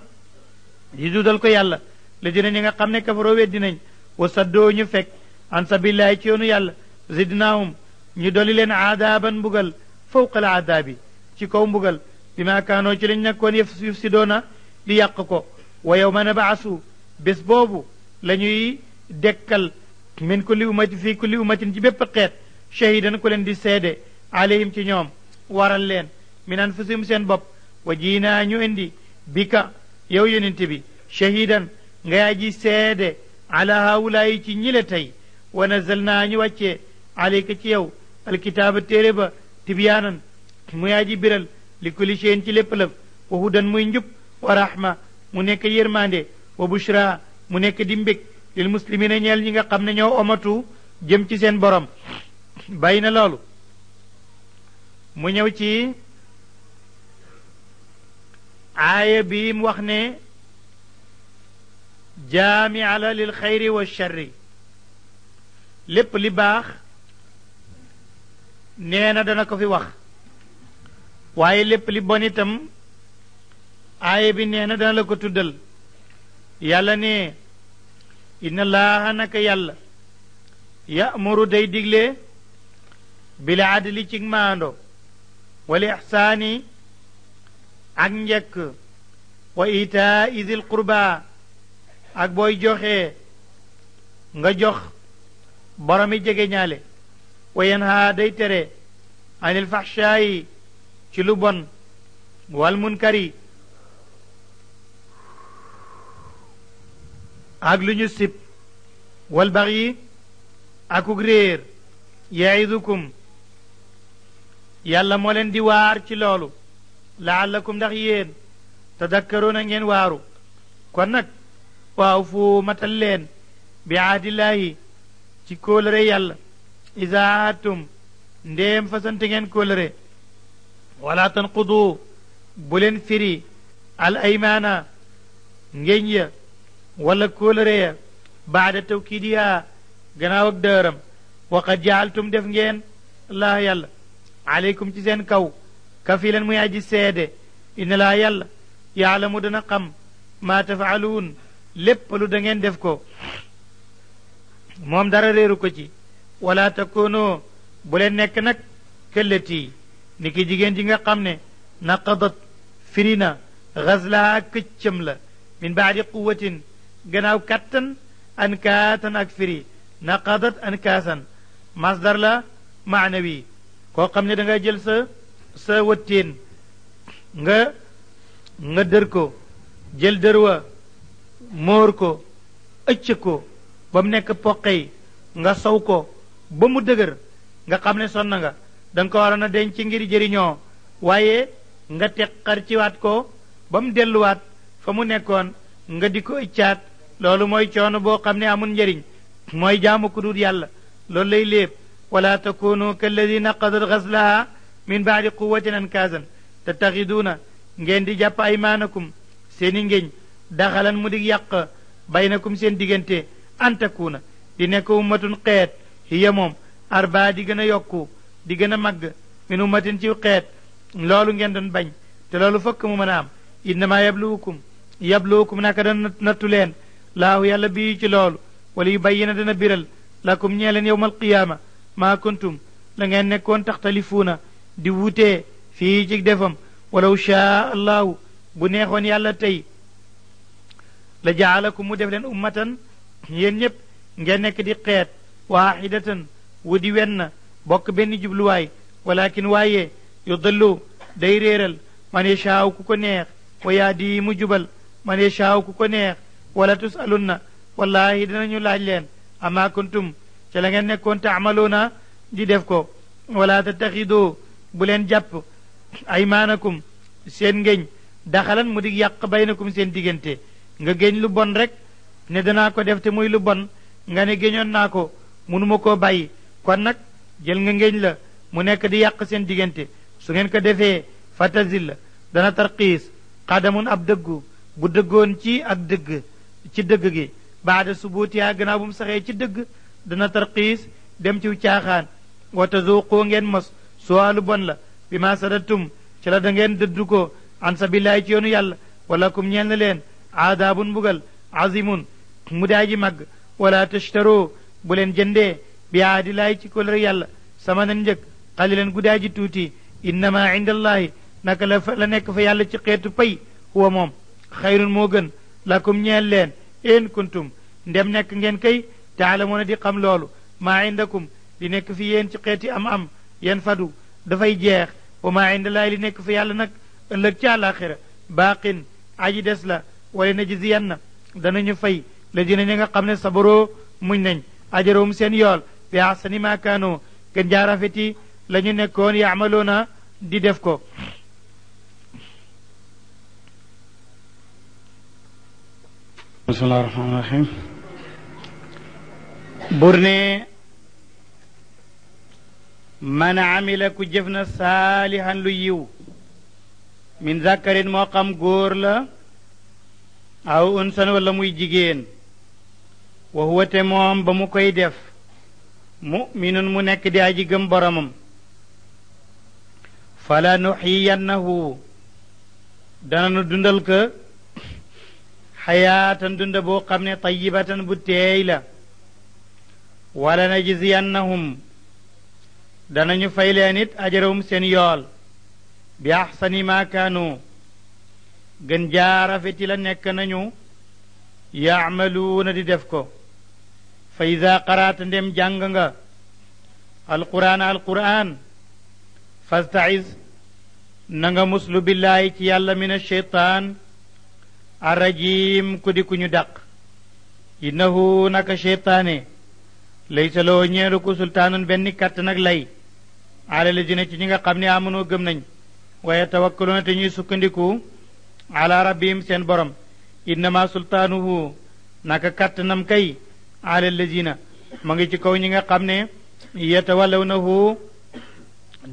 di dudal ko yàlla la dina ñi nga xam ne kafaroo weddi nañ wa saddoo ñu fekk an sabillahi ci yoonu yàlla zidnaahum ñu doli leen aadaaban mbugal fawqal aadaabi ci kaw mbugal bi ma kaanoo ci lañ nekkoon yëf si doona di yàq ko wa yawma nabaasu bés boobu la ñuy dekkal min kulli ummati fi kulli ummatin ci bépp xeet shahidan ku leen di seede alayhim ci ñoom waral leen min anfusihim seen bopp wa jiinaa ñu indi bika yow yonent bi shahidan nga yaa ji seede ala haawulaayi ci ñile tey wa nazal naa ñu wàccee alayka ci yow alkitaaba téere ba tibyaanan muy aji biral li kulli shay'in ci lépp lëf wa hudan muy njub wa rahma mu nekk yërmande wa bushra mu nekk di mbég lil muslimina ñeel ñi nga xam ne ñoo omatu jëm ci seen borom bàyyi na loolu mu ñëw ci aaya bi wax ne jaamia la lil xayri wa charri lépp li baax nee na dana ko fi wax waaye lépp li bon itam aaya bi nee dana la ko tuddal yàlla ne inna laaha naka yàlla ya'muru day digle bil adli ci maando wal ixsaani ak njëkk wa itaa idil qurba ak booy joxe nga jox boromi jege ñaale وينهى دي تري عن الفحشاء ci lu bon wal munkari ak lu ñu sib wal baxyi akuk réer yaidukum yàlla moo leen di waar ci loolu laallakum ndax yéen tadakkaroona ngeen waaru kon nag waaw fu matal leen bi aadillahi ci kóolëre yàlla isaatum ndéem fasante ngeen kóllëre wala tanqudu bu leen firi al aymaana ya wala kóllëre ya baada tawkidiya gannaaw ak dëram waqad jaaltum def ngeen laa yàlla aleykum ci seen kaw kafilan muy aji seede yàlla yaalamu dana xam maa tafaaluun lépp lu da ngeen def ko moom dara réeru ko ci ولا تكونوا بولين نك نك كلتي نيكي جيجين جيغا خامني نقضت فرينا غزلها كتشملا من بعد قوة غناو كاتن ان كاتن اكفري نقضت ان كاسن مصدر لا معنوي كو خامني داغا جلس سوتين nga nga nga dër ko jël dër wa moor ko ëcc nga sow ko ba mu dëgër nga xam ne sonn nga da nga ko waroon a denc ngir jëriñoo waaye nga teqar ci waat ko ba mu delluwaat fa mu nekkoon nga di ko iccaat loolu mooy coon boo xam ne amul njëriñ mooy jaamu ku yàlla loolu lay léeb wala takunu kalladina qadat gaslaha min baadi quwatin ankaasan tattaxiduuna ngeen di jàpp ay aymaanakum seeni ngéñ daxalan mu di yàq baynakum seen diggante an takuuna di nekk ummatun xeet hiya moom arbaa di gën a yokku di gën a màgg min ummatin ci xeet loolu ngeen doon bañ te loolu fëkk mu mën a am innama yabluukum yabluukum naka doon nattu leen laahu yàlla bii ci loolu wala yu bayyina dana biral lakum ñee leen yowma alqiyaama maa kuntum la ngeen nekkoon taxtalifuuna di wutee fii ci defam walaw shaa allahu bu neexoon yàlla tey la jaalakum mu def leen ummatan yéen ñëpp ngeen nekk di xeet waaxidatan wudi wenn bokk benn jubluwaay walakin waaye yu day réeral man yashaaw ku ko neex wa yaadi mu jubal man yashaaw ku ko neex wala tusalunna wallahi danañu laaj leen ama kuntum ca la ngeen nekkoon na di def ko wala tattaxidoo bu leen jàpp aymaanakum seen ngéñ daxalan mu di yàq baynakum seen diggante nga géñ lu bon rek ne danaa ko def te muy lu bon nga ne géñoon naa ko mënuma koo bàyyi kon nag jël nga ngéeñ la mu nekk di yàq seen diggante su ngeen ko defee la dana tarxiis xadamun ab dëggu bu dëggoon ci ak dëgg ci dëgg gi baada subuutiyaa gannaaw bu mu saxee ci dëgg dana tarxiis dem ci caaxaan wata zuuqoo ngeen mos suwaalu bon la bi ma sa sadatum ci la dangeen ngeen dëddu ko an sabilaay ci yoonu yàlla wala kum ñeel na leen aadaabun mbugal azimun mu daaji màgg wala tashtaroo bu leen jëndee bi aadi laay ci kóllëre yàlla sama nan njëg xalilan guddaa ji tuuti innama indallaahi naka la la nekk fa yàlla ci xeetu pay huwa moom xayrun moo gën la lakum ñeel leen in kuntum ndem nekk ngeen kay a di xam loolu maa indakum di nekk fi yéen ci xeeti am am yan fadu dafay jeex wa maa indallaahi li nekk fa yàlla nag ëllëg ci àllaaxira baaqin aji des la wala na yan na danañu fay la dina ñi nga xam ne sabaroo muñ nañ ajarum seen yool bi ahsani ma kaanu gën jaa rafeti la ñu nekkoon yaamaloona di def ko bismillahi rahmaani rahim man amila ku na saalihan lu yiw min zakarin moo xam góor la aw unsan wala muy jigéen wa huwa te moom ba mu koy def muminun mu nekk di aji gëm boromam fala nuxiyannahu dananu dundal ko xayaatan dunda boo xam ne tayibatan bu teey la wala najziyannahum danañu fay leen it ajarawum seen yool bi axsani ma kaanu gën jaarafeti la nekk nañu yaamaluuna di def ko fa ida qaraata ndem jàng nga alquran alquran fasta'iz na nga muslu billaahi ci yàlla min asheytaan arrajim ku di ku ñu dàq innahu naka cheytaane laysa loo ñeeru sultaanun benn kàttan ak lay ala lazina ci ñi nga xam ne amunoo gëm nañ waaye tawakkaluna te ñuy sukkandiku ala rabbihim seen borom innama sultaanuhu naka kàttanam kay ala allazina moo ngi ci kaw ñi nga xam ne yatawallawnahu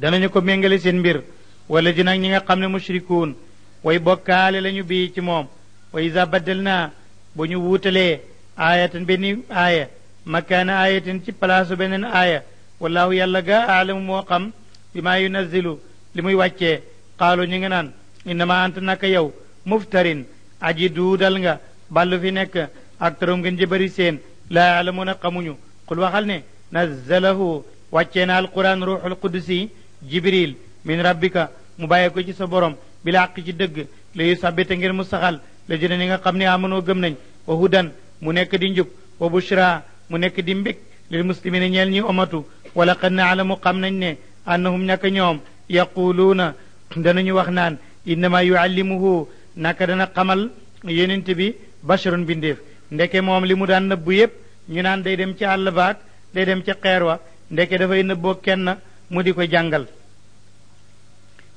danañu ko méngale seen mbir wala ji nag ñi nga xam ne mushrikuun way bokkaale lañu bii ci moom wa isa baddal naa bu ñu wuutalee aayatan benn aaya makaana aayatin ci palaasu beneen aaya wallahu yàlla ga aalamu moo xam bi maa yunazilu li muy wàcce xaalu ñu nga naan innama ant yow muftarin aji duudal nga ballu fi nekk ak tarom ngeen jëbëri seen la yalamuna xamuñu xul waxal ne nazalahu wàccee na alquran ruuxul qudsi jibril min rabbika mu bàyyee ko ci sa borom bi la àq ci dëgg layu sàbbite ngir mu saxal la jëne ni nga xam ne amanoo gëm nañ wa hudan mu nekk di njub wa bushra mu nekk di mbég lil muslimina ñeel ñi omatu wala qad naalamu xam nañ ne annahum naka ñoom yaquluuna danañu wax naan innama yuallimuhu naka dana xamal yenente bi basharun bindeef ndeke moom li mu daan nëbbu yépp ñu naan day dem ci àll baag day dem ca xeer wa ndeke dafay nëbboo kenn mu di ko jàngal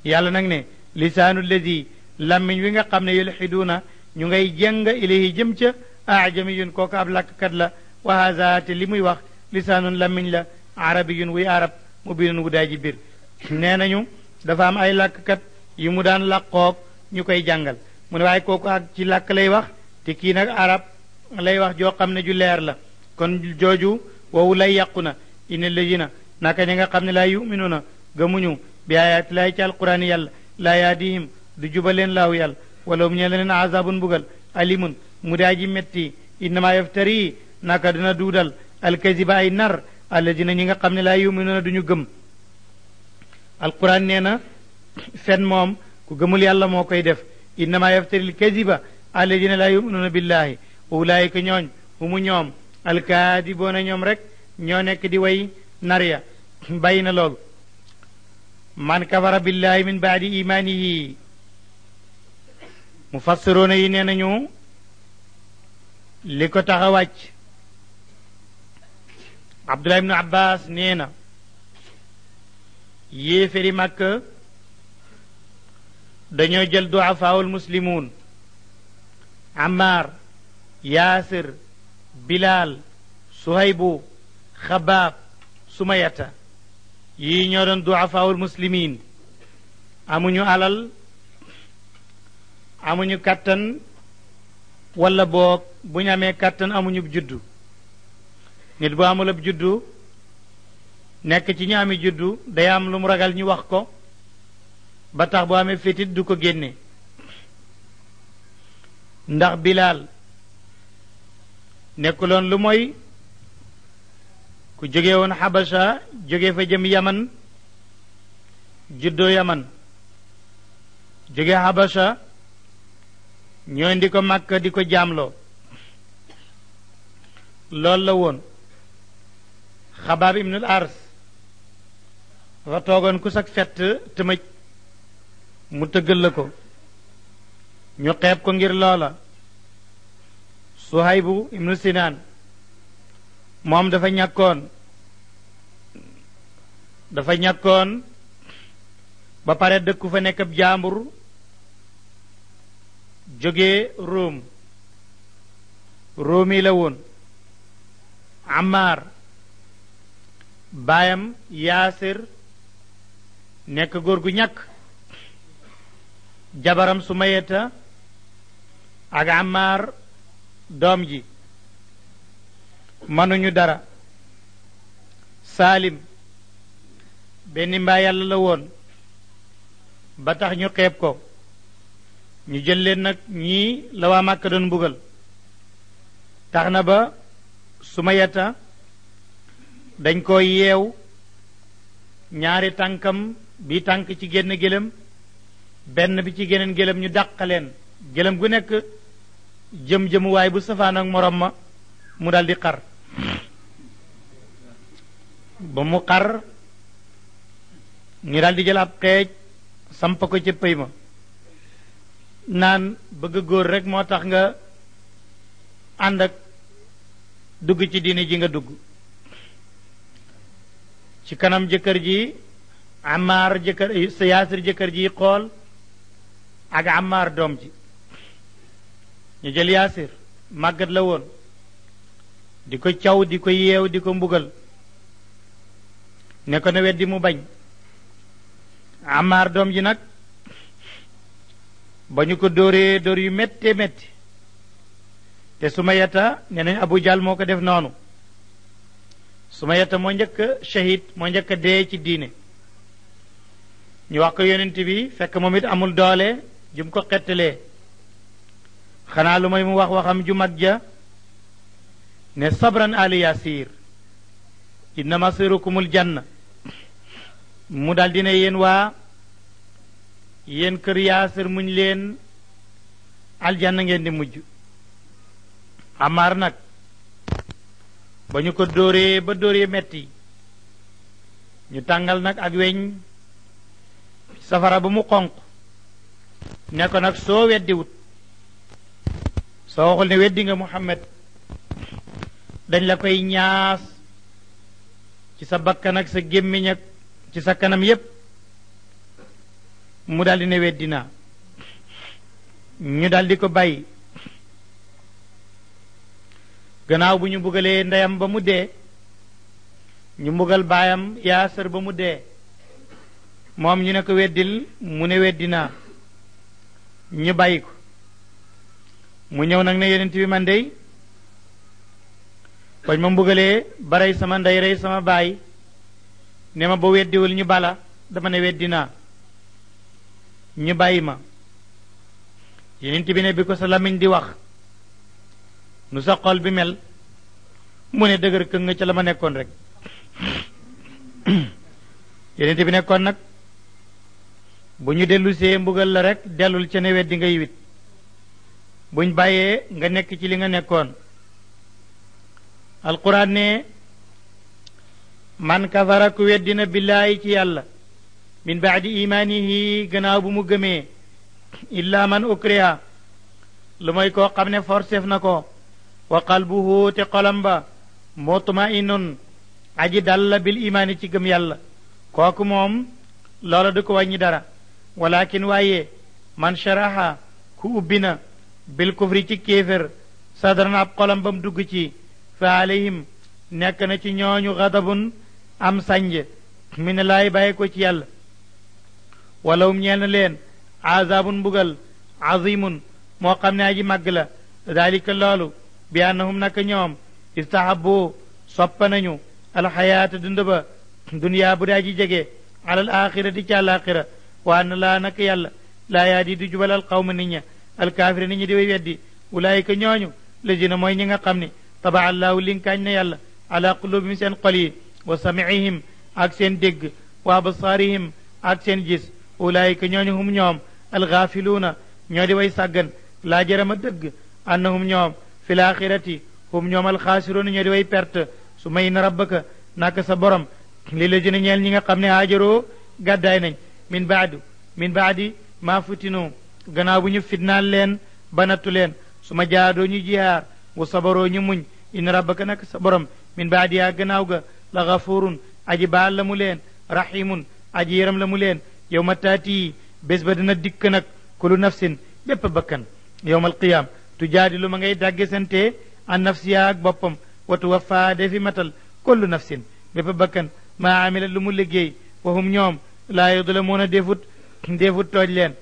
yàlla nag ne lisaanu ledi làmmiñ wi nga xam ne na ñu ngay jeng ilahi jëm ca aajamiyun ah, kooku ab làkkat la wa te li muy wax lisaanun làmmiñ la arabiyun wuy arab mubinun wu daa ji biir nee nañu dafa am ay làkkat yi mu daan làqoog ñu koy jàngal mu ne waaye kooku ak ci làkk lay wax te kii nag arab lay wax joo xam ne ju leer la kon jooju wowu lay yàqu na ina lëjina naka ña nga xam ne laa yuminuuna gëmuñu bi ayaati laay ci alquran yàlla laa yaadihim du jubaleen laahu yàlla wala mu ñee azabun bugal alimun mu daa ji metti innama yaftari naka dina duudal alkaziba ay nar alladina ñi nga xam ne laa yuminuuna du gëm alquran neena fen moom ku gëmul yàlla moo koy def innama yaftari alkaziba alladina laa yuminuna billahi ulaayika ñooñ humu ñoom alkaadiboona ñoom rek ñoo nekk di way narya bay na loolu man kafara billahi min baadi imaanihi mufassiroona yi nee nañu li ko tax a wàcc abdullah ibnu abbas nee na yéeféri màkka dañoo jël duafaawul muslimuun ammaar Yasir, Bilal, Suhaibu, Khabab, Sumayata yii ñoo doon duafaawul muslimin amuñu alal amuñu katan, wala boog bu ñu amee kàttan amuñu juddu nit bu amul ab juddu nekk ci ñu ami juddu day am lu mu ragal ñu wax ko ba tax fétit du ko ndax nekkuloon lu mooy ku jóge woon xabasa jóge fa jëm yaman juddoo yaman jóge xabasa ñooy di ko màkk di ko jaamloo loolu la woon xabaab ibnul ars dafa toogoon ku sak fett tëmëj mu tëggal la ko ñu xeeb ko ngir loola suhaybu ibnu sinaan moom dafa ñàkkoon dafa ñàkkoon ba pare dëkku fa nekk ab jaambur jóge róom róomi la woon amaar baayam yaasir nekk góor gu ñàkk jabaram sumayeta ak amaar doom ji mënuñu dara saalim benn mbaa yàlla la woon ba tax ñu xeeb ko ñu jël leen nag ñii la waa màkk doon mbugal tax na ba yeta dañ ko yeew ñaari tànkam bi tànk ci génn gëlëm benn bi ci geneen gëlëm ñu dàq leen gëlëm gu nekk jëm jëmuwaay bu safaan ak morom ma mu daldi xar ba mu xar ñu daal di jël ab xeej samp ko ca pëy ma naan bëgg góor rekk moo tax nga ànd ak dugg ci diine ji nga dugg ci kanam jëkkër ji amaar jëkkër yaasir jëkkër ji xool ak amaar doom ji ñu jël yaasir màggat la woon di ko caw di ko yeew di ko mbugal ne ko na weddi mu bañ amaar doom ji nag ba ñu ko dóoree dóor yu méttee métti te su sumayata ne nañ abu jaal moo ko def noonu sumayata moo njëkk a shahid moo njëkk a dee ci diine ñu wax ko yonent bi fekk moom it amul doole jum ko xettalee xanaa lu may mu wax waxam ju mag ja ne sabran ali yasir inna masirukumul janna mu daldi dina yéen waa yéen kër yaasir muñ leen aljanna ngeen di mujj amaar nag ba ñu ko dóoree ba dóoree metti ñu tàngal nag ak weñ safara ba mu xonq ne ko nag soo weddiwut soo waxul ne weddi Muhammad dañ la koy ñaas ci sa bakkan ak sa gémmiñ ak ci sa kanam yépp mu daldi ne weddi ñu daldi ko bàyyi gannaaw bu ñu bugalee ndeyam ba mu dee ñu mbugal baayam yaasar ba mu dee moom ñu ne ko weddil mu ne weddi ñu bàyyi ko mu ñëw nag ne yonent bi man dey bañ ma mbugalee ba rey sama ndey rey sama baay ne ma ba weddiwul ñu bala dama ne weddi naa ñu bàyyi ma yonent bi ne bi ko sa lamiñ di wax nu sa xol bi mel mu ne dëgër këng nga ca la ma nekkoon rek <coughs> yonent bi nekkoon nag bu ñu dellusee mbugal la rek dellul ca ne weddi nga yiwit buñ bàyyee nga nekk ci li nga nekkoon alquran ne man kafara ku weddina billaahi ci yàlla min baadi imaanihi gannaaw bu mu gëmee illaa man ukriha lu mooy koo xam ne forcef na ko wa qalbuhu te xolam ba mutmainun aji dal bil imaani ci gëm yàlla kooku moom loola du ko wàññi dara walakin waaye man sharaha ku ubbi na bil kufri ci kéefér sadran ab xolam ba mu dugg ci fa alayhim nekk na ci ñooñu xadabun am sànj mi ne laay bàyyi ko ci yàlla walawum ñeel na leen azabun mbugal azimun moo xam ne aji màgg la dalika loolu bi annahum naka ñoom istahabu soppa nañu alxayaata dund ba duniyaa bu daa ji jege alal di ci àlaxira waa na laa naka yàlla laa yaa di du jubal al qawma nit alkaafiri nit ñi di way weddi ulaayika ñooñu lazina mooy ñi nga xam ni tabaa allaahu linkaañ na yàlla ala qulubihim seen xol yi wa samihihim ak seen dégg wa absaarihim ak seen gis ulaayika ñooñu hum ñoom alxaafiluuna ñoo di way sàggan laa jarama dëgg annahum ñoom fi laaxirati hum ñoom alxaasiruuna ñoo di way perte su may na rabbaka naka sa borom li lazina ñeel ñi nga xam ne haajaroo gàddaay nañ min baadu min baadi maa futinu gannaaw bu ñu fitnaal leen banatu leen su ma jaadoo ñu jihaar wa sabaroo ñu muñ in rabbaka nag sa borom min baadiyaa gannaaw ga la gafurun aji baal la mu leen rahimun aji yaram la mu leen yow ma taati bés dina dikk nag kulu nafsin bépp bakkan yowma alqiyaam tu jaadilu ma ngay dàgge sante an nafsiya boppam watu wafaa defi matal kullu nafsin bépp bakkan maa amila lu mu liggéey wahum ñoom laa yudlamuuna defut defut tooj leen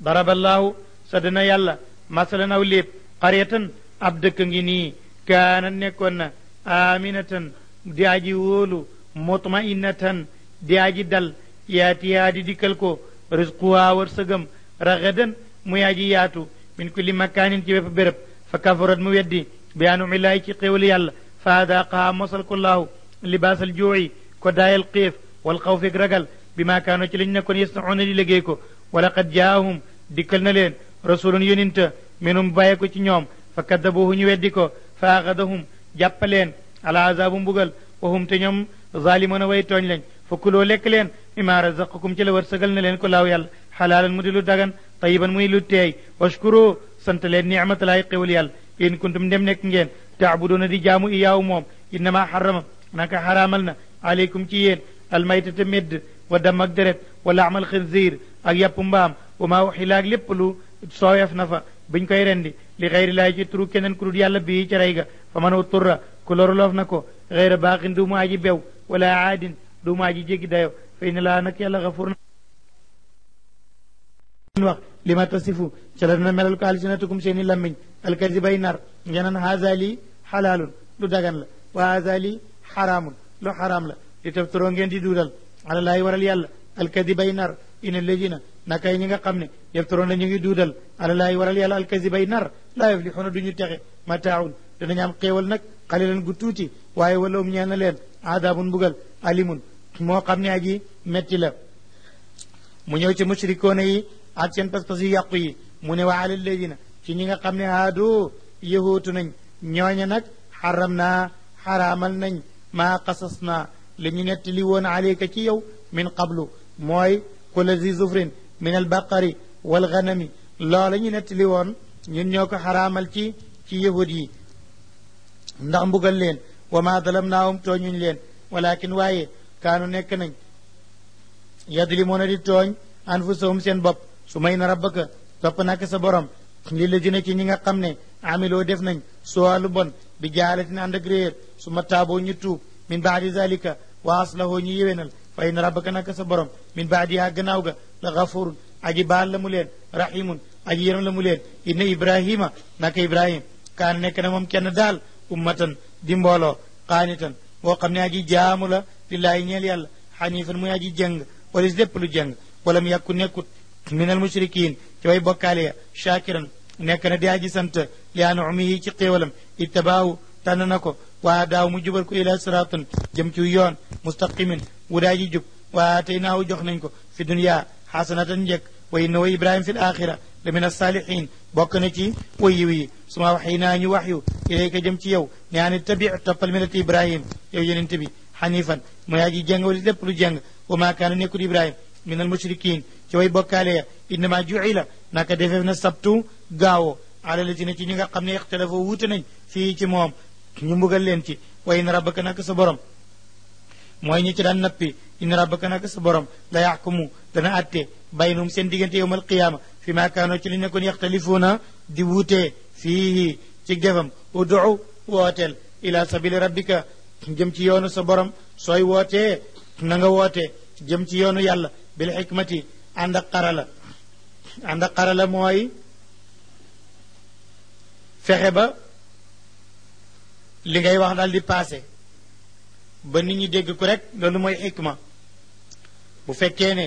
daraballaahu sëdd na yàlla masalan aw léeb qaryatan ab dëkk ngi nii kaana nekkoon na aaminatan di aji wóolu mutmainatan di aji dal yaatiyaa di dikkal ko risquhaa wërsëgam ragadan muy aji yaatu min kulli makaanin ci bépp béréb fa kafarat mu weddi bi anumillahi ci xéwal yàlla fa adaaqahaa mosal ko laahu libaasal juuci ko daayal xiif wal xawfik ragal bi maa kaano ci lañ nekkoon yasnacuuna di liggéey ko ولقد جاءهم ديكلنا لين رسول يننت منهم بايكو تي نيوم فكذبوه ني وديكو فاخذهم جابلين على عذاب بوغل وهم تي نيوم ظالمون وي توغن لين فكلوا لك لين بما رزقكم تي لورسغل نلين كلاو يال حلالا مديلو دغن طيبا ميلو تي واشكروا سنت لين نعمه لا يقول يال ان كنتم دم نك نين تعبدون دي جامو اياو موم انما حرم نك حرامنا عليكم تي يين الميت تمد ودم اكدرت ولا عمل خنزير اي بمبام وما وحي لاك لبلو صويف نفا بن كيرندي رندي لغير الله جي ترو كنن كرو ديال بي جرايغا فمن وتر كلور لوف نكو غير باق دو ما جي بيو ولا عاد دو ما جي دايو فين لا نك يلا غفور لما تصفو شلرنا ملل قال جناتكم شيني لمين الكذب نار جنن هذا لي حلال لو دغان لا وهذا لي حرام لو حرام لا لتفترون دي دودال ala laay waral yàlla alkadibay nar ina lejina naka yi ñi nga xam ne yeftaroon la ñu ngi duudal ala laay waral yàlla alkadibay nar laa yuflixuuna du ñu texe mataaun danañu am xéewal nag xalilan gu tuuti waaye wala um ñeel na leen aadaabun mbugal alimun moo xam ne aji metti la mu ñëw ci mushrikoona yi ak seen pas-pas yu yàqu yi mu ne wa ala na ci ñi nga xam ne aadoo yahootu nañ ñooña nag xaram naa xaraamal nañ maa qasas li ñu nettali woon ci yow min qablu mooy kula zi zufrin min al baqari wal ganami loola ñu nettali woon ñun ñoo ko ci ci yahud yi ndax mbugal leen wa ma dalamnaahum leen walakin waye kaanu nekk nañ yadlimoona di tooñ anfusahum seen bopp su may na rabbaka topp nak sa borom li la dina ci ñi nga xam ne def nañ suwalu bon bi jaalatin ànd ak réer su ma ñu tuub min baadi zalika wa aslahoo ñu yéwénal fa in rabbaka naka sa borom min baadiha gannaaw ga la gafurun aji baal la mu leen rahimun aji yërëm la mu leen inna ibrahima naka ibrahim kaan nekk na moom kenn daal ummatan di mbooloo qaanitan boo xam ne aji jaamu la lillaahi ñeel yàlla xanifan muy aji jëng walis lépp lu jëng walam yàkku nekkut min al mushrikin ci way bokkaale ya shakiran nekk na di aji sant li an umihi ci xéewalam ittabaahu tànn na ko waa daaw mu jubal ko ila siraatin jëm ci yoon mustaqimin wu daa ji jub waa tey naaw jox nañ ko fi duniya xasanatan njëkk wa inna wa ibrahima fi l axira la min alsaalihin bokk na ci wayiw yi suma waxey naa ñu wax yu ilayka jëm ci yow ne ani tabi toppal milati ibrahim yow yenente bi xanifan mu yaa ji jàng wali lépp lu jàng wa maa kaana nekkul ibrahim min al mushrikin ci way bokkaale ya innama juila naka defeef na sabtu gaawo ala la ci ñi nga xam ne ixtilafa wuute nañ fii ci moom ñu mbugal leen ci wa in rabbaka nak sa borom mooy ñi ci daan nappi in rabbaka nak sa borom la yaxkumu dana atte baynum seen diggante yowm alqiyaama fi ma kaanoo ci li nekkoon yaxtalifuuna di wuutee fii ci gefam udu wooteel ila sabili rabbika jëm ci yoonu sa borom sooy wootee na nga wootee jëm ci yoonu yàlla bil xikmati ànd ak xarala mooy fexe ba li ngay wax daal di paase ba nit ñi dégg ko rek loolu mooy xikma bu fekkee ne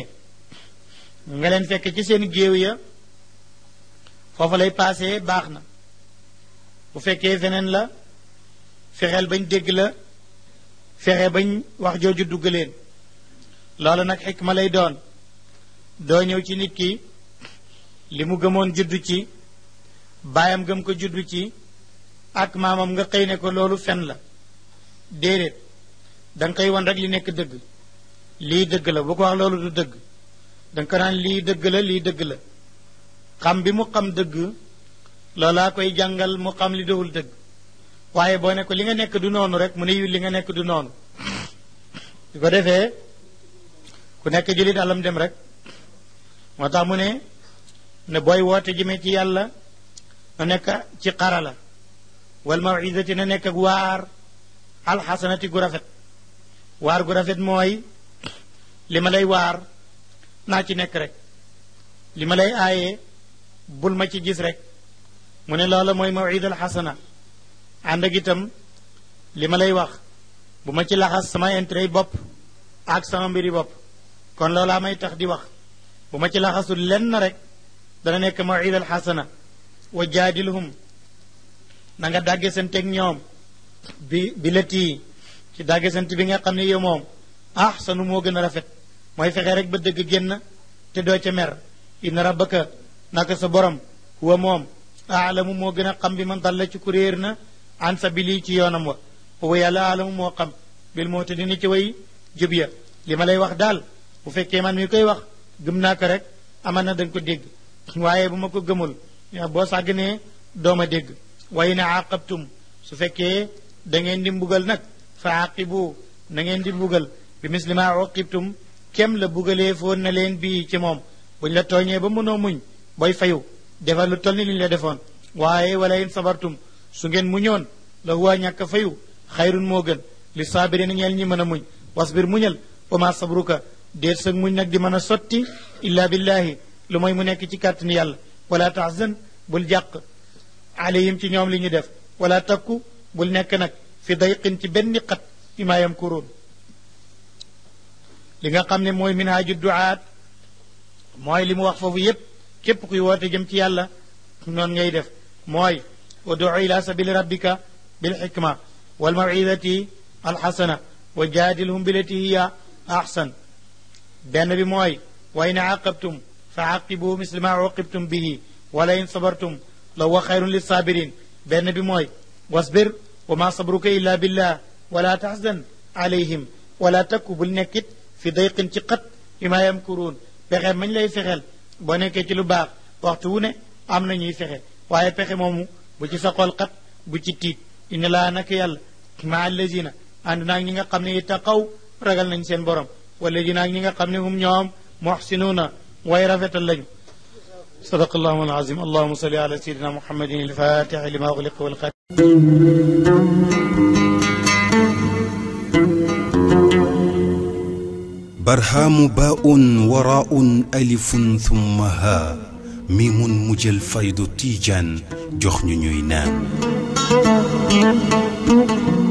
nga leen fekk ci seen géew ya foofa lay paase baax na bu fekkee feneen la fexeel bañ dégg la fexe bañ wax jooju dugg leen loolu nag xikma lay doon doo ñëw ci nit ki li mu gëmoon juddu ci baayam gëm ko juddu ci ak maamam nga xëy ne ko loolu fen la déedéet danga koy won rek li nekk dëgg lii dëgg la bu ko wax loolu du dëgg danga ko naan lii dëgg la lii dëgg la xam bi mu xam dëgg loolu laa koy jàngal mu xam li dowul dëgg waaye boo ne ko li nga nekk du noonu rek mu ne yu li nga nekk du noonu su ko defee ku nekk jullit alam dem rek moo tax mu ne booy woote jëme ci yàlla na nekk ci xarala والموعظة تنينك غوار الحسنة غرفت وار غرفت موي لما لي وار ناتي نك رك لما لي آية بول ما تجيز رك من لا موي موعظة الحسنة عندك تم لما لي وخ بما تي لحس سما انتري بوب اك سما بيري بوب كون لولا ماي تخ وخ بما تي لحس لن رك دا موعظة الحسنة وجادلهم nanga na seen teg ñoom bi bi lati ci dàggesante bi nga xam ne yow moom ah sanu moo gën a rafet mooy fexe rek ba dëgg génn te doo ca mer inna rabbaka naka sa borom wa moom aalamu moo gën a xam bi man dalla ci kuréer na an sabili ci yoonam wa wa yàlla aalamu moo xam bil moo te dina ci way jub ya li ma lay wax daal bu fekkee man mi koy wax gëm naa ko rek aman na dañ ko dégg waaye bu ma ko gëmul boo sàgg ne a dégg wa in aaqabtum su fekkee da ngeen di mbugal nag fa aqibu na ngeen di mbugal bi misli ma uqibtum kem la bugalee foon na leen bii ci moom buñ la tooñee ba mënoo muñ booy fayu defal lu toll ni li ñu la defoon waaye wala in sabartum su ngeen muñoon la huwa ñàkk fayu xayrun moo gën li saabirina ñeel ñi mën a muñ wasbir muñal wa ma sabruka déet sag muñ nag di mën a sotti illa billahi lu mooy mu nekk ci kàttanu yàlla wala tahzan bul jàq عليهم تي نيوم لي ولا تكو بول نيك نك في ضيق تي بن قط فيما يمكرون ليغا خامني موي منهاج الدعاء موي لي مو واخ فوفو ييب كيب كوي ووتي جيم تي يالا نون غاي ديف موي ودعو الى سبيل ربك بالحكمه والموعظه الحسنه وجادلهم بالتي هي احسن بن بي موي وين عاقبتم فعاقبوا مثل ما عوقبتم به ولئن صبرتم la wa xayrun li saabiriin benn bi mooy wasbir wa maa sabruka illaa billah wala taxzan alayhim wala takku bul nekkit fi dayqin ci xat bi maa yamkuruun pexe mañ lay fexeel boo nekkee ci lu baax waxtu wu ne am na ñuy fexe waaye pexe moomu bu ci sa xol xat bu ci tiit inna laa nak yàlla maa allazina ànd naag ñi nga xam ne ittaqaw ragal nañ seen borom wallazina ak ñi nga xam ne hum ñoom muxsinuuna way rafetal lañu صدق الله العظيم اللهم صل على سيدنا محمد الفاتح لما أغلق والخاتم برهام باء وراء ألف ثم ها ميم مجل فيض تيجان جخن نان